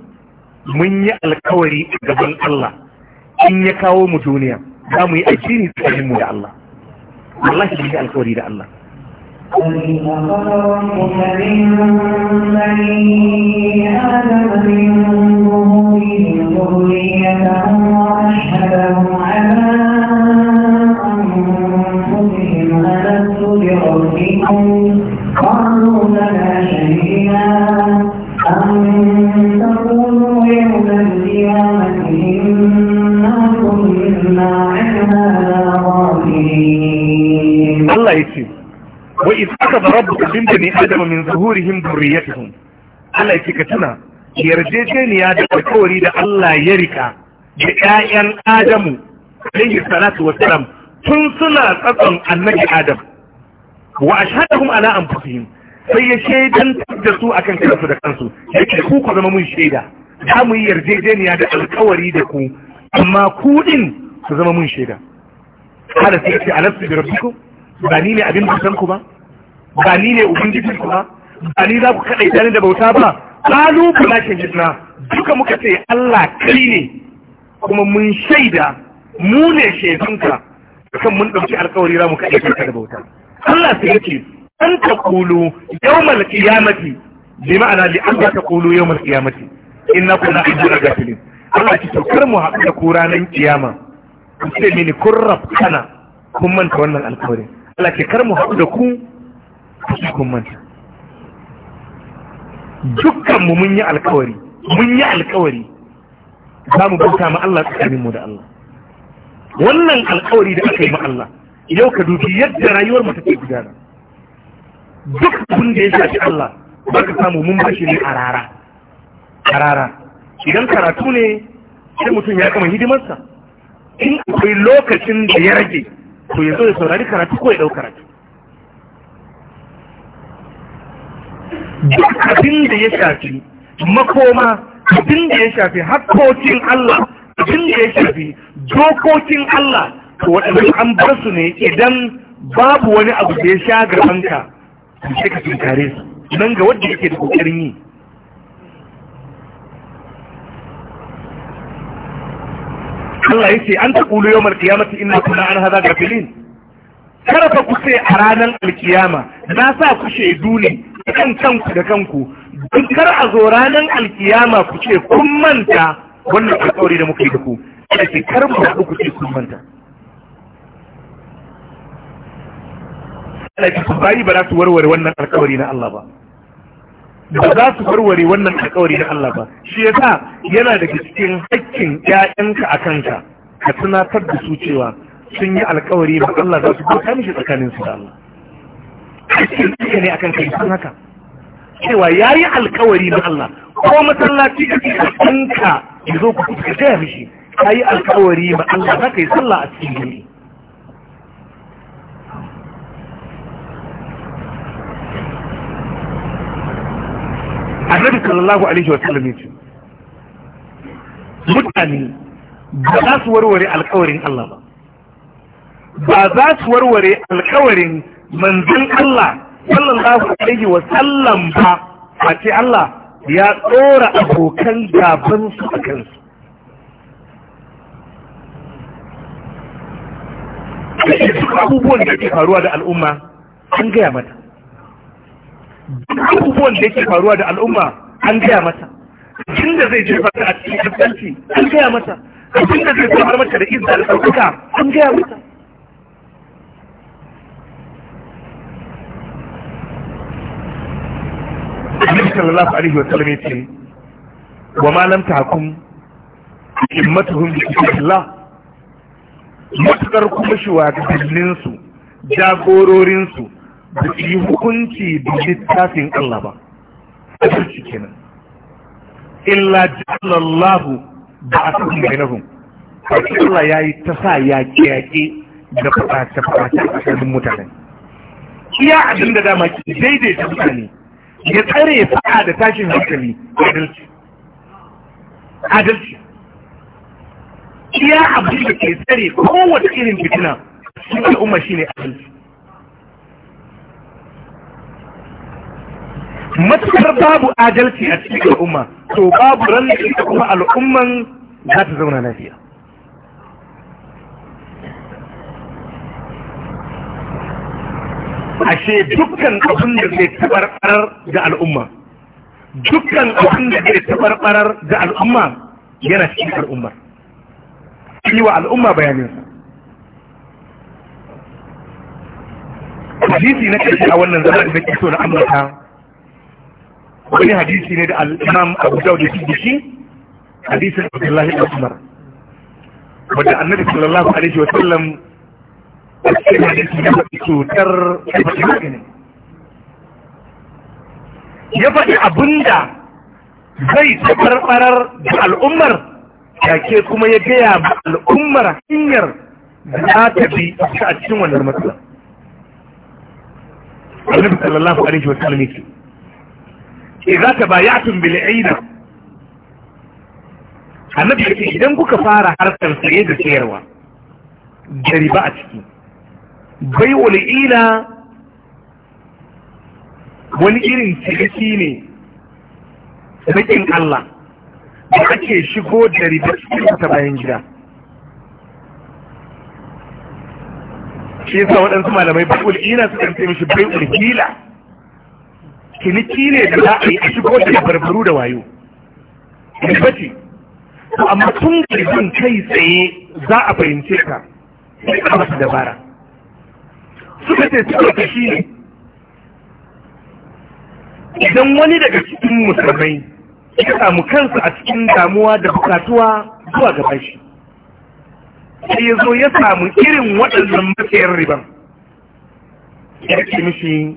mun yi alkawari gaban Allah in ya kawo mu duniya za mu yi addini tsakanin mu da Allah wallahi da shi alƙawari da Allah قالوا لنا شهيدا Allah ya ce wa isaka da rabbuka bin bani adama min zuhurihim dhurriyyatuhum Allah ya ce ka tuna yarjejeniya da alkawari da Allah ya rika da 'ya'yan Adamu alayhi salatu wassalam tun suna tsatson annabi Adam wa ashhadahum ala anfusihim sai ya shaidan da su akan kansu da kansu yake ku ku zama mun shaida za mu yi yarjejeniya da alkawari da ku amma ku din ku zama mun shaida kada sai ce alastu bi rabbikum ba ni ne abin bautan ku ba ba ni ne ubangijin ku ba ba ni za ku kaɗai tare da bauta ba kalu ke jidna duka muka ce Allah kai ne kuma mun shaida mu ne shaidunka kan mun ɗauki alkawari za mu kaɗai tare da bauta Allah sai yake an kulu yawmal qiyamati bi ma'ana li an kulu yawmal qiyamati innakum la'ibuna gafilin Allah ki saukar mu haɗu da ku ranar kiyama ku ce mini kun rafkana kun manta wannan alkawarin Allah ke kar mu haɗu da ku cikin manta dukkan mu mun yi alkawari mun yi alkawari za mu bauta ma Allah tsakanin mu da Allah wannan alkawari da aka yi ma Allah yau ka dubi yadda rayuwar mu take gudana duk abin da ya shafi Allah ba ka samu mun bashi ne a rara a rara idan karatu ne sai mutum ya kama hidimarsa in akwai lokacin da ya rage Ku ya zo ya saurari karatu ko ya dau karatu duk abin da ya shafi makoma abin da ya shafi hakkokin Allah abin da ya shafi dokokin Allah to waɗannan an bar su ne idan babu wani abu da ya sha gabanka sai ka tunkare su nan ga wanda yake da kokarin yi Allah yace an taqulu yawmal qiyamati inna kunna an hadha ghafilin kada fa ku ce a ranar alkiyama na sa ku shaidu ne kan kanku da kanku don kar a zo ranar alkiyama ku ce kun manta wannan alƙawari da muka yi da ku kada ce kar mu haɗu ku ce kun manta Allah ya ba za su warware wannan alƙawari na Allah ba ba za su warware wannan alkawari da Allah ba shi yasa yana da cikin hakkin ƴaƴanka a kanka ka tunatar da su cewa sun yi alkawari ba Allah za su bauta mishi tsakanin su da Allah hakkin ka ne akan kai sun haka cewa ya yi alkawari na Allah ko masallaci ka ce kanka ya zo ku ka gaya mishi ka yi alkawari ma Allah za ka yi sallah a cikin jami'i annabi sallallahu alaihi wasallam ya ce mutane ba za su warware alkawarin Allah ba ba za su warware alkawarin manzon Allah sallallahu alaihi wasallam ba a ce Allah ya tsora abokan gabansu a kansu abubuwan da ke faruwa da al'umma an gaya mata abubuwan da yake faruwa da al'umma an gaya mata abin da zai jefa ta a cikin kaskanci an gaya mata abin da zai samar mata da izza da ɗaukaka an gaya mata Annabi sallallahu alaihi wa sallam yace wa ma lam tahkum himmatuhum bi kitabillah mutakar kuma jagororin su da yi hukunci da littafin Allah ba cikin kenan illa jallallahu ba a cikin bainahum Allah ya yi ta sa yaƙe-yaƙe da fata fata a cikin mutane iya abin da dama ke daidaita mutane ya tsare fa'a da tashin hankali adalci adalci iya abin da ke tsare kowace irin fitina cikin al'umma shine adalci matukar babu adalci a cikin al'umma to babu ran da ita kuma al'umman za ta zauna lafiya ashe dukkan abin da zai tabarbarar da al'umma dukkan abin da zai tabarbarar da al'umma yana cikin al'ummar yi wa al'umma bayaninsa hadisi na ƙarshe a wannan zama da ke so na amurka wani hadisi ne da al'imam abu dawo da shi hadisin abdullahi da umar wadda annabi sallallahu alaihi wasallam a cikin hadisi ya faɗi cutar ya faɗi maganin ya faɗi abinda zai tabarbarar da al'ummar ke kuma ya gaya ba al'ummar hanyar da za ta bi a cikin wannan matsala. Annabi sallallahu alaihi wasallam yake ta idza tabaya'tum bil aina na yake idan kuka fara harkar saye da sayarwa da riba a ciki bai wani ila wani irin ciniki ne rikin Allah da ake shigo da riba cikin ta bayan gida shi yasa waɗansu malamai bai wani ila su kan mishi bai wani ila ciniki ne da za a yi a shigo da barbaru da wayo ribaci amma tun ribin kai tsaye za a fahimce ka sai ka masu dabara suka ce suka ta shi ne idan wani daga cikin musulmai ya samu kansa a cikin damuwa da bukatuwa zuwa gaba shi sai ya zo ya samu irin waɗannan matsayin riban ya ce mishi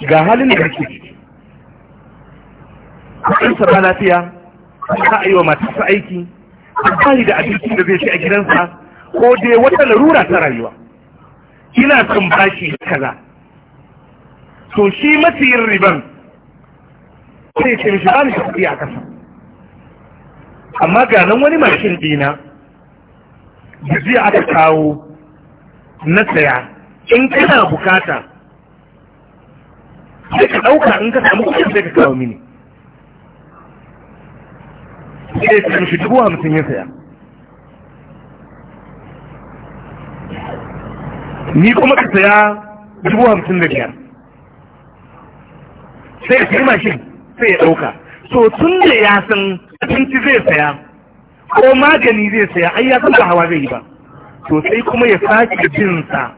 ga halin da kake ciki ba lafiya za a yi wa matarsa aiki ba da abincin da zai ci a gidansa ko dai wata larura ta rayuwa ina son bashi kaza to shi matsiyin riban sai ce mishi ba ni a ƙasa amma ga nan wani mashin dina da jiya aka kawo na saya in kina bukata sai ka ɗauka in ka samu kuɗi sai ka kawo mini sai ka mishi dubu hamsin ya saya ni kuma ka saya dubu hamsin da biyar sai ka yi mashin sai ya ɗauka so tun da ya san abinci zai saya ko magani zai saya ai ya san ba hawa zai yi ba to sai kuma ya sake jinsa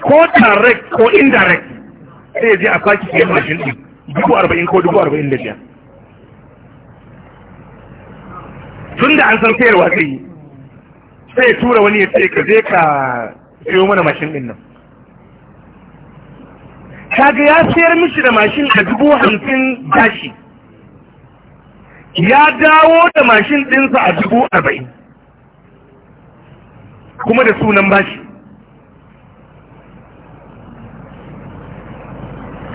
ko direct ko indirect sai ya je a saki siyan mashin ɗin dubu arba'in ko dubu arba'in da biyar tun da an san sayarwa zai yi sai ya tura wani ya ce ka je ka siyo mana mashin ɗin nan kaga ya sayar mishi da mashin a dubu hamsin gashi. ya dawo da mashin ɗinsa a dubu arba'in kuma da sunan bashi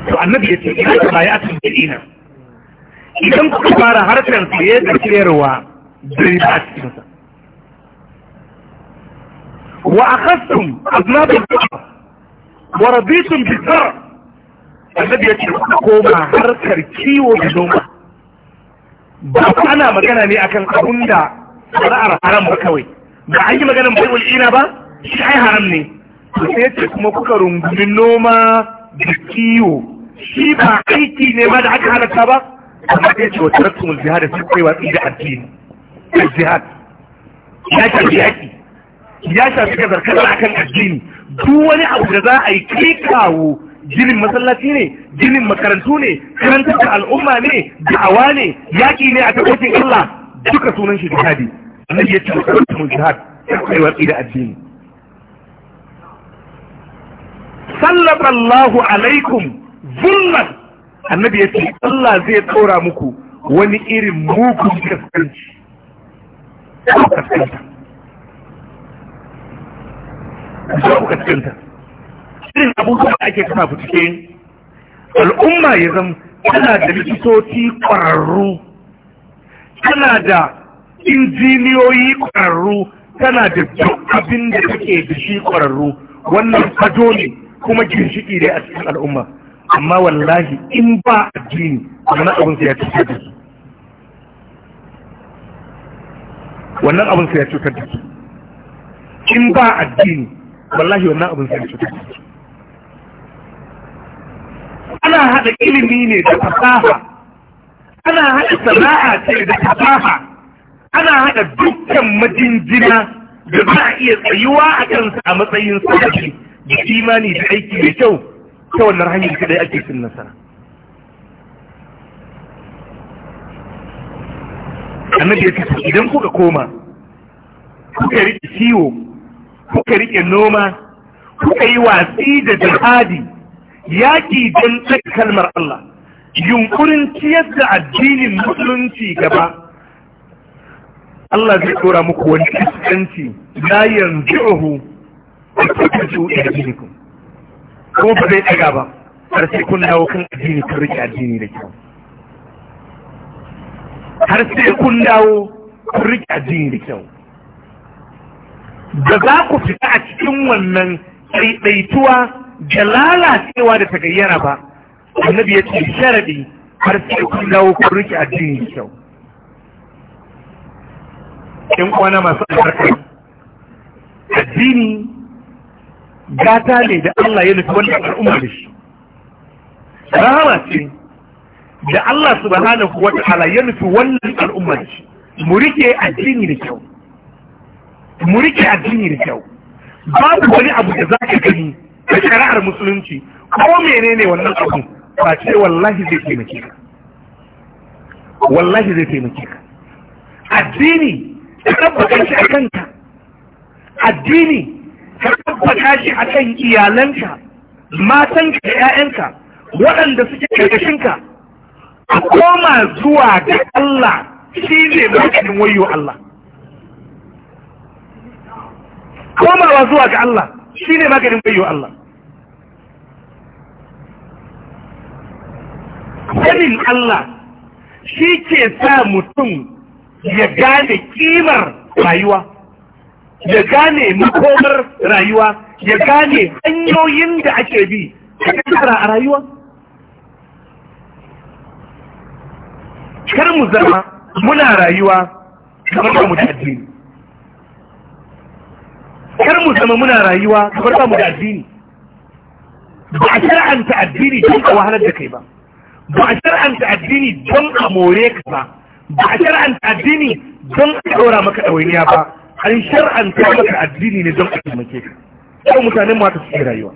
to annabi ya ce ina ka baya akan dina? idan kuka fara harkar saye da sayarwa bai ba a cikinsa wa akhastum aznabul qasr wa rabitum bi zar annabi ya ce kuka koma harkar kiwo da noma ba ana magana ne akan abun da sana'ar haram ba kawai ba an yi maganar bai'ul ina ba shi ai haram ne to sai ya ce kuma kuka rungumi noma da kiwo shi ba aiki ne ma da aka halatta ba amma ya ce wata rattun jihar da suka yi watsi da addini jihar ya shafi yaki ya shafi gazar kazar akan addini duk wani abu da za a yi kai kawo jinin masallaci ne jinin makarantu ne karantar da al'umma ne da'awa ne yaƙi ne a tabbacin Allah duka sunan shi jihadi annabi ya ce rattun jihar sai watsi da addini sallallahu alaikum zullan annabi ya ce Allah zai tsora muku wani irin mugun kaskanci irin abubuwa da ake kasa fice al'umma ya zama tana da likitoci ƙwararru tana da injiniyoyi ƙwararru tana da duk abin da take da shi ƙwararru wannan fado ne kuma ginshiki ne a cikin al'umma amma wallahi in ba addini wannan abin sai ya cutar da su wannan abin sai ya cutar da su in ba addini wallahi wannan abin sai ya cutar da su ana haɗa ilimi ne da fasaha ana haɗa sana'a ce da fasaha ana haɗa dukkan majinjina da za a iya tsayuwa a kansa a matsayin sadaki da imani da aiki mai kyau ta wannan hanyar kadai ake cin nasara annabi ya ce idan kuka koma kuka rike ciwo kuka rike noma kuka yi watsi da jihadi yaƙi don kalmar Allah yunkurin ciyar da addinin musulunci gaba Allah zai tsora muku wani kaskanci la yanzu a cikin su da ko ba zai ɗaga ba har sai kun dawo kan addini kan rike addini da kyau har sai kun dawo kun rike addini da kyau da za ku fita a cikin wannan ɗaiɗaituwa da lalacewa da ta gayyara ba annabi ya ce sharaɗi har sai kun dawo kun rike addini da kyau in kwana masu albarka addini gata ne da Allah ya nufi wannan al'umma da shi rahama ce da Allah subhanahu wa ta'ala ya nufi wannan al'umma da shi mu rike addini da kyau Murike rike addini da kyau babu wani abu da za ka gani da shari'ar musulunci ko menene wannan abu ba ce wallahi zai taimake ka wallahi zai taimake ka addini ka tabbatar shi a kanka addini ka tabbata shi kan iyalanka matanka da 'ya'yanka waɗanda suke karkashinka a koma zuwa ga Allah shi ne maganin wayo Allah komawa zuwa ga Allah shi ne maganin wayo Allah sanin Allah shi ke sa mutum ya gane kimar rayuwa ya gane makomar rayuwa ya gane hanyoyin da ake bi a rayuwa kar mu zama muna rayuwa kamar ba mu da addini kar mu zama muna rayuwa kamar ba mu da addini ba a shar'anta addini don a wahalar da kai ba ba a shar'anta addini don a more ka ba ba a shar'anta addini don a ɗora maka ɗawainiya ba shar'an ta maka addini ne don a taimake ka yau mutanen ta suke rayuwa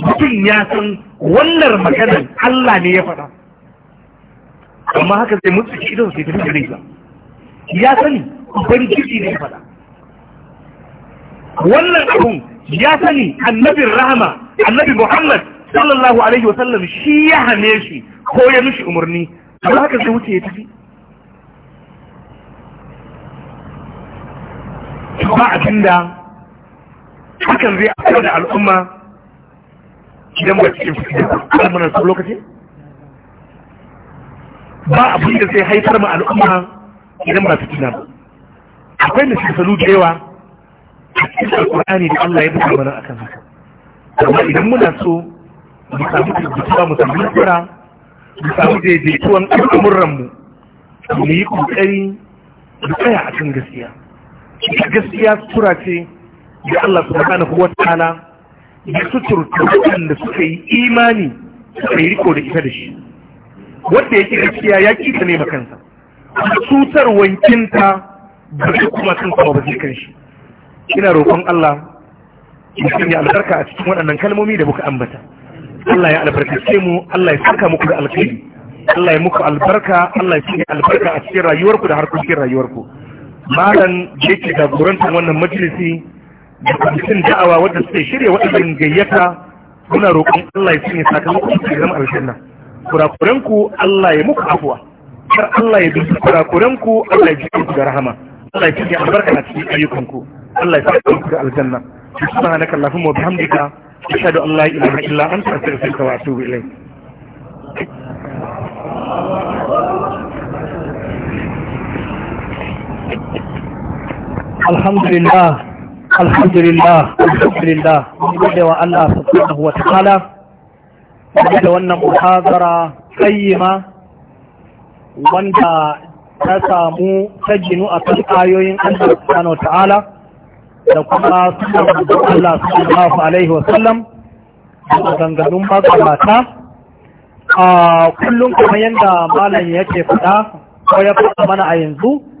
mutum ya san wannan magana Allah ne ya faɗa amma haka sai mutu shi idan sai tafi gare ya sani ubangiji ne ya faɗa wannan abun ya sani annabin rahama annabi Muhammad sallallahu alaihi wa sallam shi ya hane shi ko ya mishi umarni amma haka sai wuce ya tafi ba a da hakan zai akwai da al'umma idan ba cikin da al'amuran su lokaci ba a da sai haifar ma al'umma idan ba fitina ba akwai da shekaru da yawa a cikin alkur'ani da Allah ya buka mana kan haka amma idan muna so mu samu tabbatuwa mu samu nasara mu samu daidaituwan al'amuranmu mu yi kokari mu tsaya a kan gaskiya a gaskiya sutura ce da Allah subhanahu wa ta'ala ya suturta waɗanda suka yi imani suka yi riko da ita da shi wanda yake gaskiya ya ki ta nema kansa cutar wankinta ba zai kuma kansa ba zai kan shi ina roƙon Allah ya sanya albarka a cikin waɗannan kalmomi da muka ambata Allah ya albarkace mu Allah ya saka muku da alkhairi Allah ya muku albarka Allah ya sanya albarka a cikin rayuwarku da harkokin rayuwarku malam da yake jagorantar wannan majalisi da kwamitin da'awa wadda suke shirya waɗannan gayyata muna roƙon Allah ya sanya sakamakon su zama aljanna kurakuren ku Allah ya muku afuwa kar Allah ya dubi kurakuren ku Allah ya ji ku da rahama Allah ya sanya albarka a cikin ayyukan ku Allah ya sanya ku da aljanna subhanaka allahumma wa bihamdika ashhadu an la ilaha illa anta astaghfiruka wa atubu ilayk alhamdulillah alhamdulillah alhamdulillah mun gode wa Allah subhanahu wa ta'ala da wannan muhazara kayyima wanda ta samu ta jinu a kan ayoyin Allah subhanahu wa ta'ala da kuma sunan Allah subhanahu alaihi wa sallam da ganganun magabata a kullum kuma yadda malam yake faɗa ko ya faɗa mana a yanzu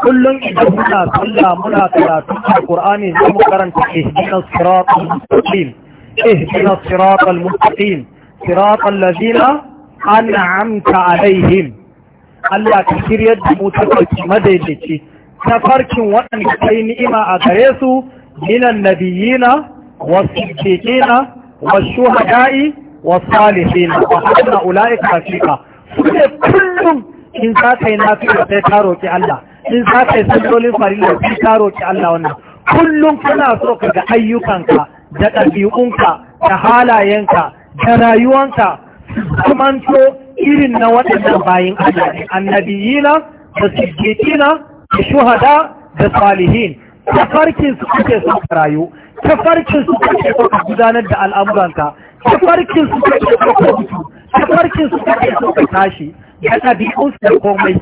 kullum idan muna sallah muna karatun alqur'ani za mu karanta ihdinas siratal mustaqim ihdinas siratal mustaqim siratal ladina an'amta alaihim Allah ka shirya da mu ta farki madaidaici ta farkin waɗanda yi ni'ima a gare su minan nabiyina wasiddiqina washuhada'i wasalihina wa hada ulaika rafiqa su ne kullum in za kai na nafi sai ta roƙi Allah in za ka yi sallolin farilla sai ka ki Allah wannan kullum kana so ka ga ayyukanka da ɗabi'unka da halayenka da rayuwanka kumanto irin na waɗannan bayan Allah ne annabiyina da siddiqina da shuhada da salihin farkin su kake so ka rayu ta farkin su kake so ka gudanar da al'amuranka farkin su ka mutu su kake so ka tashi da su da komai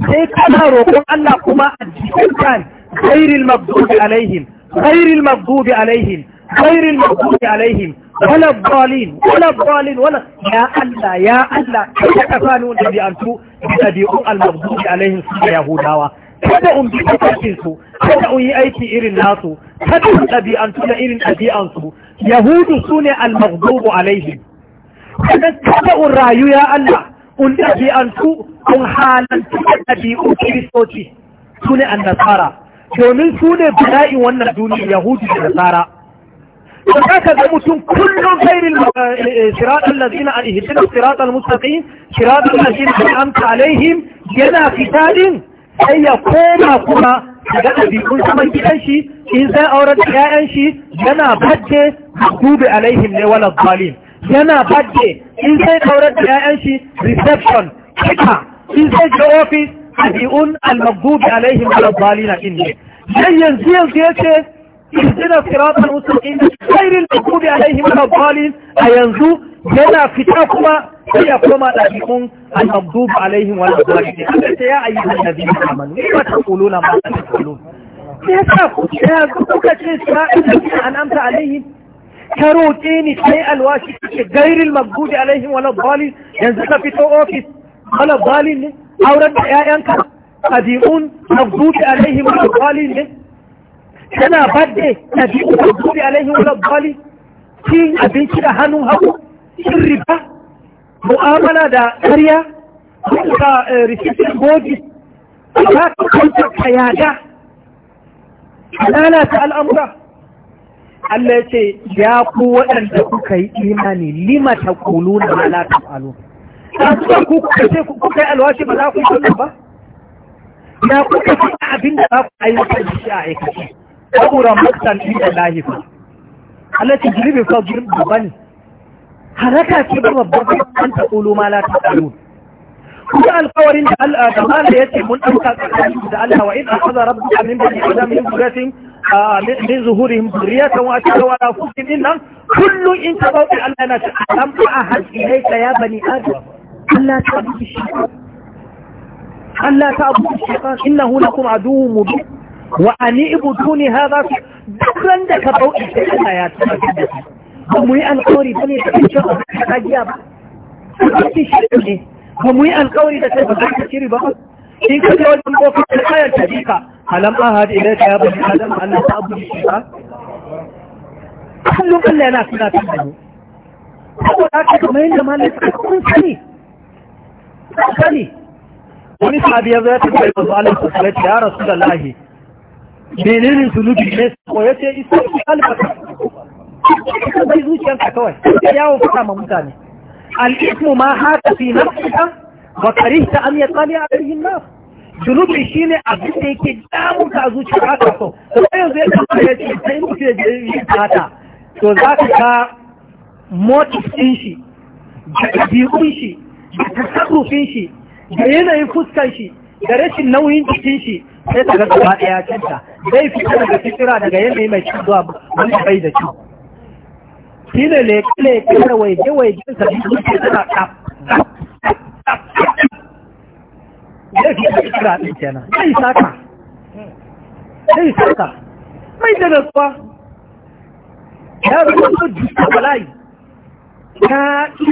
sai kana roƙon Allah kuma a cikin kan ghairil maghdubi alaihim ghairil maghdubi alaihim ghairil maghdubi alaihim wala dalin wala dalin wala ya Allah ya Allah kada ka sani wanda bi an tu dabi'u al maghdubi alaihim su yahudawa kada in bi kafin su kada in yi aiki irin nasu kada in dabi'antu na irin dabi'ansu yahudu sune al maghdubu alaihim kada kada in rayu ya Allah un ɗabi'antu kun halantu da ɗabi'u kiristoci su ne annasara domin su ne bala'in wannan duniya yahudu da nasara to za ka ga mutum kullum sairin siratal lazina an ihdina siratal mustaqim siratal lazina an'amta alaihim yana fitadin sai ya koma kuma ga ɗabi'un saman gidan shi in zai auren da 'ya'yan shi yana bacce dube alaihim ne wala zalim yana birthday in sai kaurar da 'ya'yan shi reception haka in sai ga ofis adi'un al-maghdubi alaihim al-dhalina din ne sai yanzu yanzu yace ihdina siratal mustaqim ghayril maghdubi alaihim al-dhalin a yanzu yana fita kuma sai ya koma dabi'un al-maghdubi alaihim al-dhalin sai ya ayyuhan nabiyyu amanu ma taquluna ma taqulun sai sa ku ya kuka ce an an'amta alaihim ذكروا دين الشيء الواشي غير المقبود عليهم ولا الضالين ينزل في توقف ولا الضالين او رد يا ينكر قديمون مقبود عليهم ولا الضالين سنة بدي قديمون مقبود عليهم ولا الضالين كين ابن كده هنو هو الربا مؤاملة دا اريا كنت رسيت الموجس كنت كنت كيادة لا لا تأل امره Allah ya ce ya ku waɗanda kuka yi imani lima ta kulu na mala ta Ya kuka ku kuka ce kuka yi alwashi ba za ku yi kuka ba ya kuka ce abin da za ku wata da shi a aikace kabura maksan inda lahi fa Allah ce girbe fa girbe ba ne haraka ce ba babba an ta kulu mala ta falo kuma alkawarin da Allah da Allah ya ce mun ɗauka tsakanin da Allah wa in akhadha rabbuka min bani adam min dhurriyyatihim min zuhurihim zurriyatan wa ta wa anfusihim innan kullun in ka bauta Allah yana cewa a fa ahad ilayka ya bani adam Allah ta abudu shaytan Allah ta shi abudu shaytan innahu lakum aduwwun mubin wa ani ibuduni hadha duk da ka bauta sai Allah ya tabbata ba mu yi alƙawari ba bane da cewa ka giya ba ba mu yi alƙawari da kai ba ta shiri ba in ka je wajen kofin kayan ta halam an alam ahad ta ya bani adam Allah ta abu shi kullum kalla yana suna tun da mu saboda haka kamar yadda malai suka kun sani sani wani sabi ya zai tafi da Allah ta sallallahu alaihi ya rasulullahi menene zunubi ne ko ce isa albaka kuma bai zuciyarka kawai yawo fata ma mutane al-ismu ma haka fi nafsika wa karihta an yaqali a an-nas zunubi shine abin da yake damu ka zuciya haka so Kuma yanzu ya kamata ya ce sai mutum ya yin haka to za ka ga motif ɗin shi da ɗabi'un shi da tasarrufin shi da yanayin fuskan shi da rashin nauyin jikin shi sai ta gaba ɗaya cinta zai fita daga fitira daga yanayi mai cin zuwa wanda bai da ci shi ne leƙe-leƙe da waje-waje sa biyu ke tana zai kira ɗin kenan zai saka zai saka mai da rasuwa ya zama so jika bala'i ta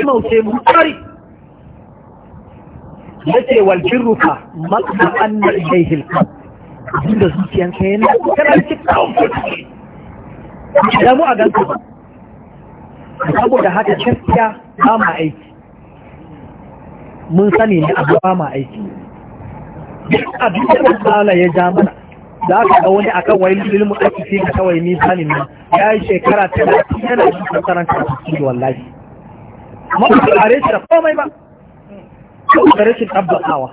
imauce mu tsari ya ce walkin rufa matsa annar ilai hilkan abinda zuciyanka yana tana cikin kawon kwanci damu a ganka saboda haka gaskiya ba ma aiki mun sani ne abu ba ma aiki duk abin da tsala ya ja mana da aka ga wani akan wai ilmu aiki sai da kawai ni sani ne ya yi shekara ta da yana yin kasaran kasuwanci da wallahi amma ba su kare shi da komai ba ko da rashin tabbatawa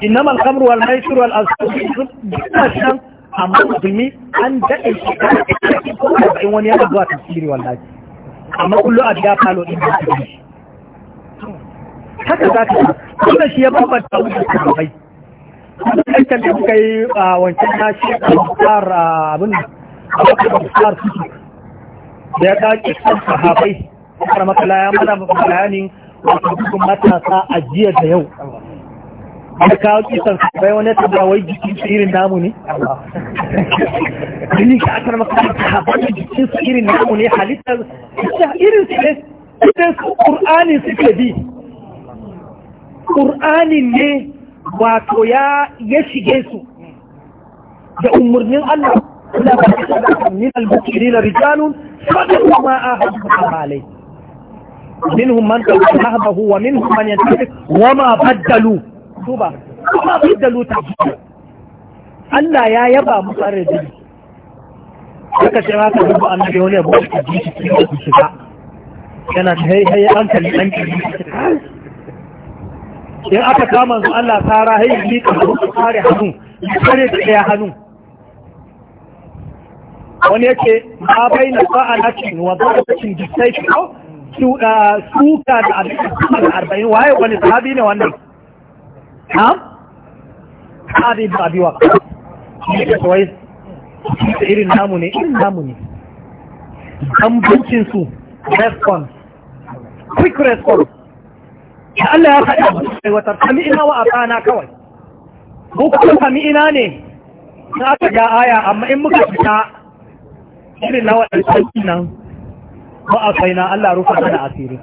innama al-khamru wal maisir wal azkar dukkan shan amma musulmi an daɗe shekara ta da wani yana zuwa tafsiri wallahi amma kullum a biya falo ɗin da su haka za ka yi wanda shi ya bambanta wuce sahabbai wancan da muka yi a wancan na shi a mutar abin a wakil mutar fito da ya dace kan sahabai har makala ya mana bayanin wato hukun matasa a jiya da yau da kawo kisan sahabai wani ta da wai jikin su irin namu ne jini ka akar makala sahabai jikin su irin namu ne halittar irin su ne idan su ƙur'ani suke bi ƙur'anin ne wato ya shige su da umarnin Allah Allah ba ta da min al-bukirin rijalun sadaqu ma ahadu alai minhum man tahabahu wa minhum man yantafi wa ma baddalu tuba ma baddalu tabdila Allah ya yaba musu arziki suka ce haka duk annabi wani abu da jiki su shiga yana ta hayi hayi an kalli an kalli in aka kama su Allah tsara hayi ni ka kare hannu kare da ɗaya hannu wani yake ma bai na ba na cin wa ba'a na jisai shi ko suka ah, da arba'in waye wani sahabi ne wannan ha sahabi ba biwa ne da kawai irin namu ne irin namu ne bincin su response quick response ya Allah ya faɗa ba aiwatar sami ina wa a kawai ko kuma ne na aka ga aya amma in muka fita irin na waɗancan nan ba a kai na Allah rufa mana asiri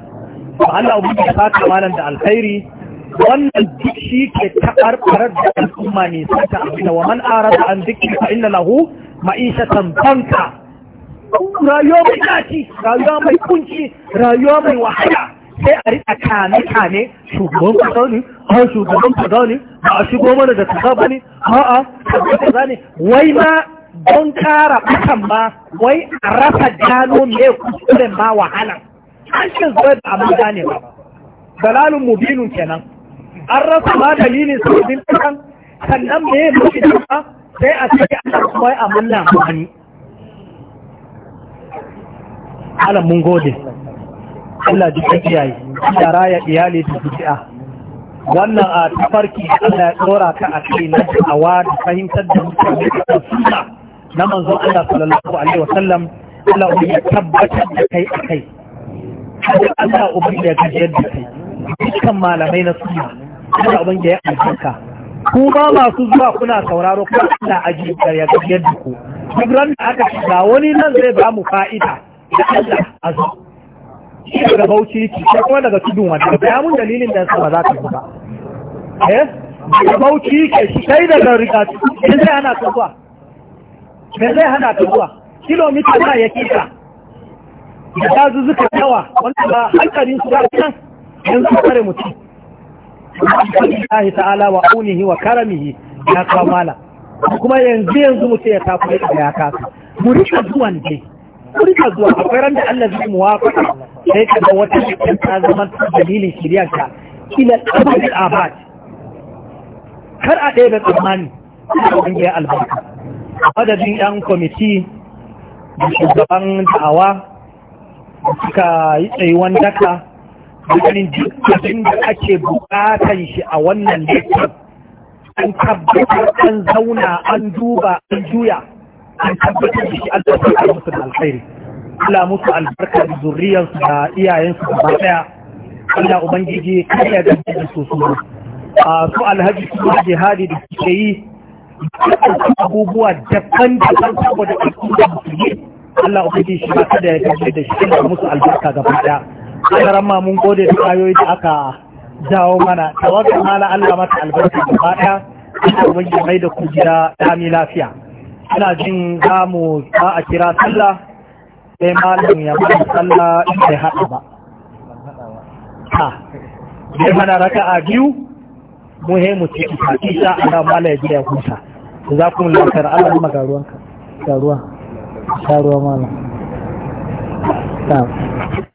ba Allah ubi ya saka malam da alkhairi wannan duk shi ke taɓarɓarar da al'umma ne sata abinda wa man arada an zikin fa inna lahu ma'ishatan banka rayuwa mai daci rayuwa mai kunci rayuwa mai wahala sai a riƙa kane kane shugaban kaza ne a shugaban kaza ne ba a shigo mana da kaza ba ne a a kaza ne wai ma don kara akan ba wai a rasa gano me kusurin ba wahala an shi zuwa da amma gane ba dalalin mubinun kenan an rasa ma dalilin sabbin kan sannan me mafi dama sai a ce a kuma a manna wani alam mun Allah ji ta kiyaye da raya iyali da zuciya wannan a tafarki Allah ya dora ka a kai na da'awa da fahimtar da mutane da sunna na manzo Allah sallallahu alaihi wa sallam Allah ubi ya tabbatar da kai a kai kada Allah ubi ya gaji yadda kai dukkan malamai na sunna Allah ubi ya albarka ku masu zuwa kuna sauraro kuma Allah aji ya gajiyar da ku duk ran da aka shiga wani nan zai ba mu fa'ida da Allah azu daga bauchi yake. ce kuma daga tudun wanda da mun dalilin da ba za ta ba eh daga bauchi yake shi kai daga riga in zai hana ka zuwa me zai hana ka zuwa kilomita na ya kika da dazuzzuka yawa wanda ba hankalin su da kan yanzu kare mutum Allah ta'ala wa aunihi wa karamihi ya kamala kuma yanzu yanzu mutum ya tafi da ya kasa mu rika zuwan dai kurka zuwa akwai ran da Allah zai muwafaka sai ka ga wata cikin ta zama dalilin ka ila abadin abad kar a ɗaya da tsammani a ƙungiyar albarka a madadin yan kwamiti da shugaban da'awa da suka yi tsayuwan daka da ganin duk da ake buƙatar shi a wannan lekcin an tabbatar an zauna an duba an juya an tabbatar da shi Allah ta kai musu da alkhairi Allah musu albarka da zuriyarsu da iyayensu gaba daya Allah ubangiji kai ya gaji da su su a su alhaji su jihadi da suke yi abubuwa daban daban saboda al'ummar musulmi Allah ubangiji shi ba kada ya gaji da shi Allah musu albarka gaba daya Allah ma mun gode da ayoyi da aka jawo mana tawakkal ala Allah mata albarka gaba daya Allah ubangiji mai da ku gida dami lafiya ana jin za mu za a kira sallah sai malam ya bada sallah in bai haɗa ba ha zai mana raka a biyu muhe he mu ci ita isa ana mala ya gida ya huta za ku lantar Allah kuma ga ruwanka ga ruwa ga ruwa malam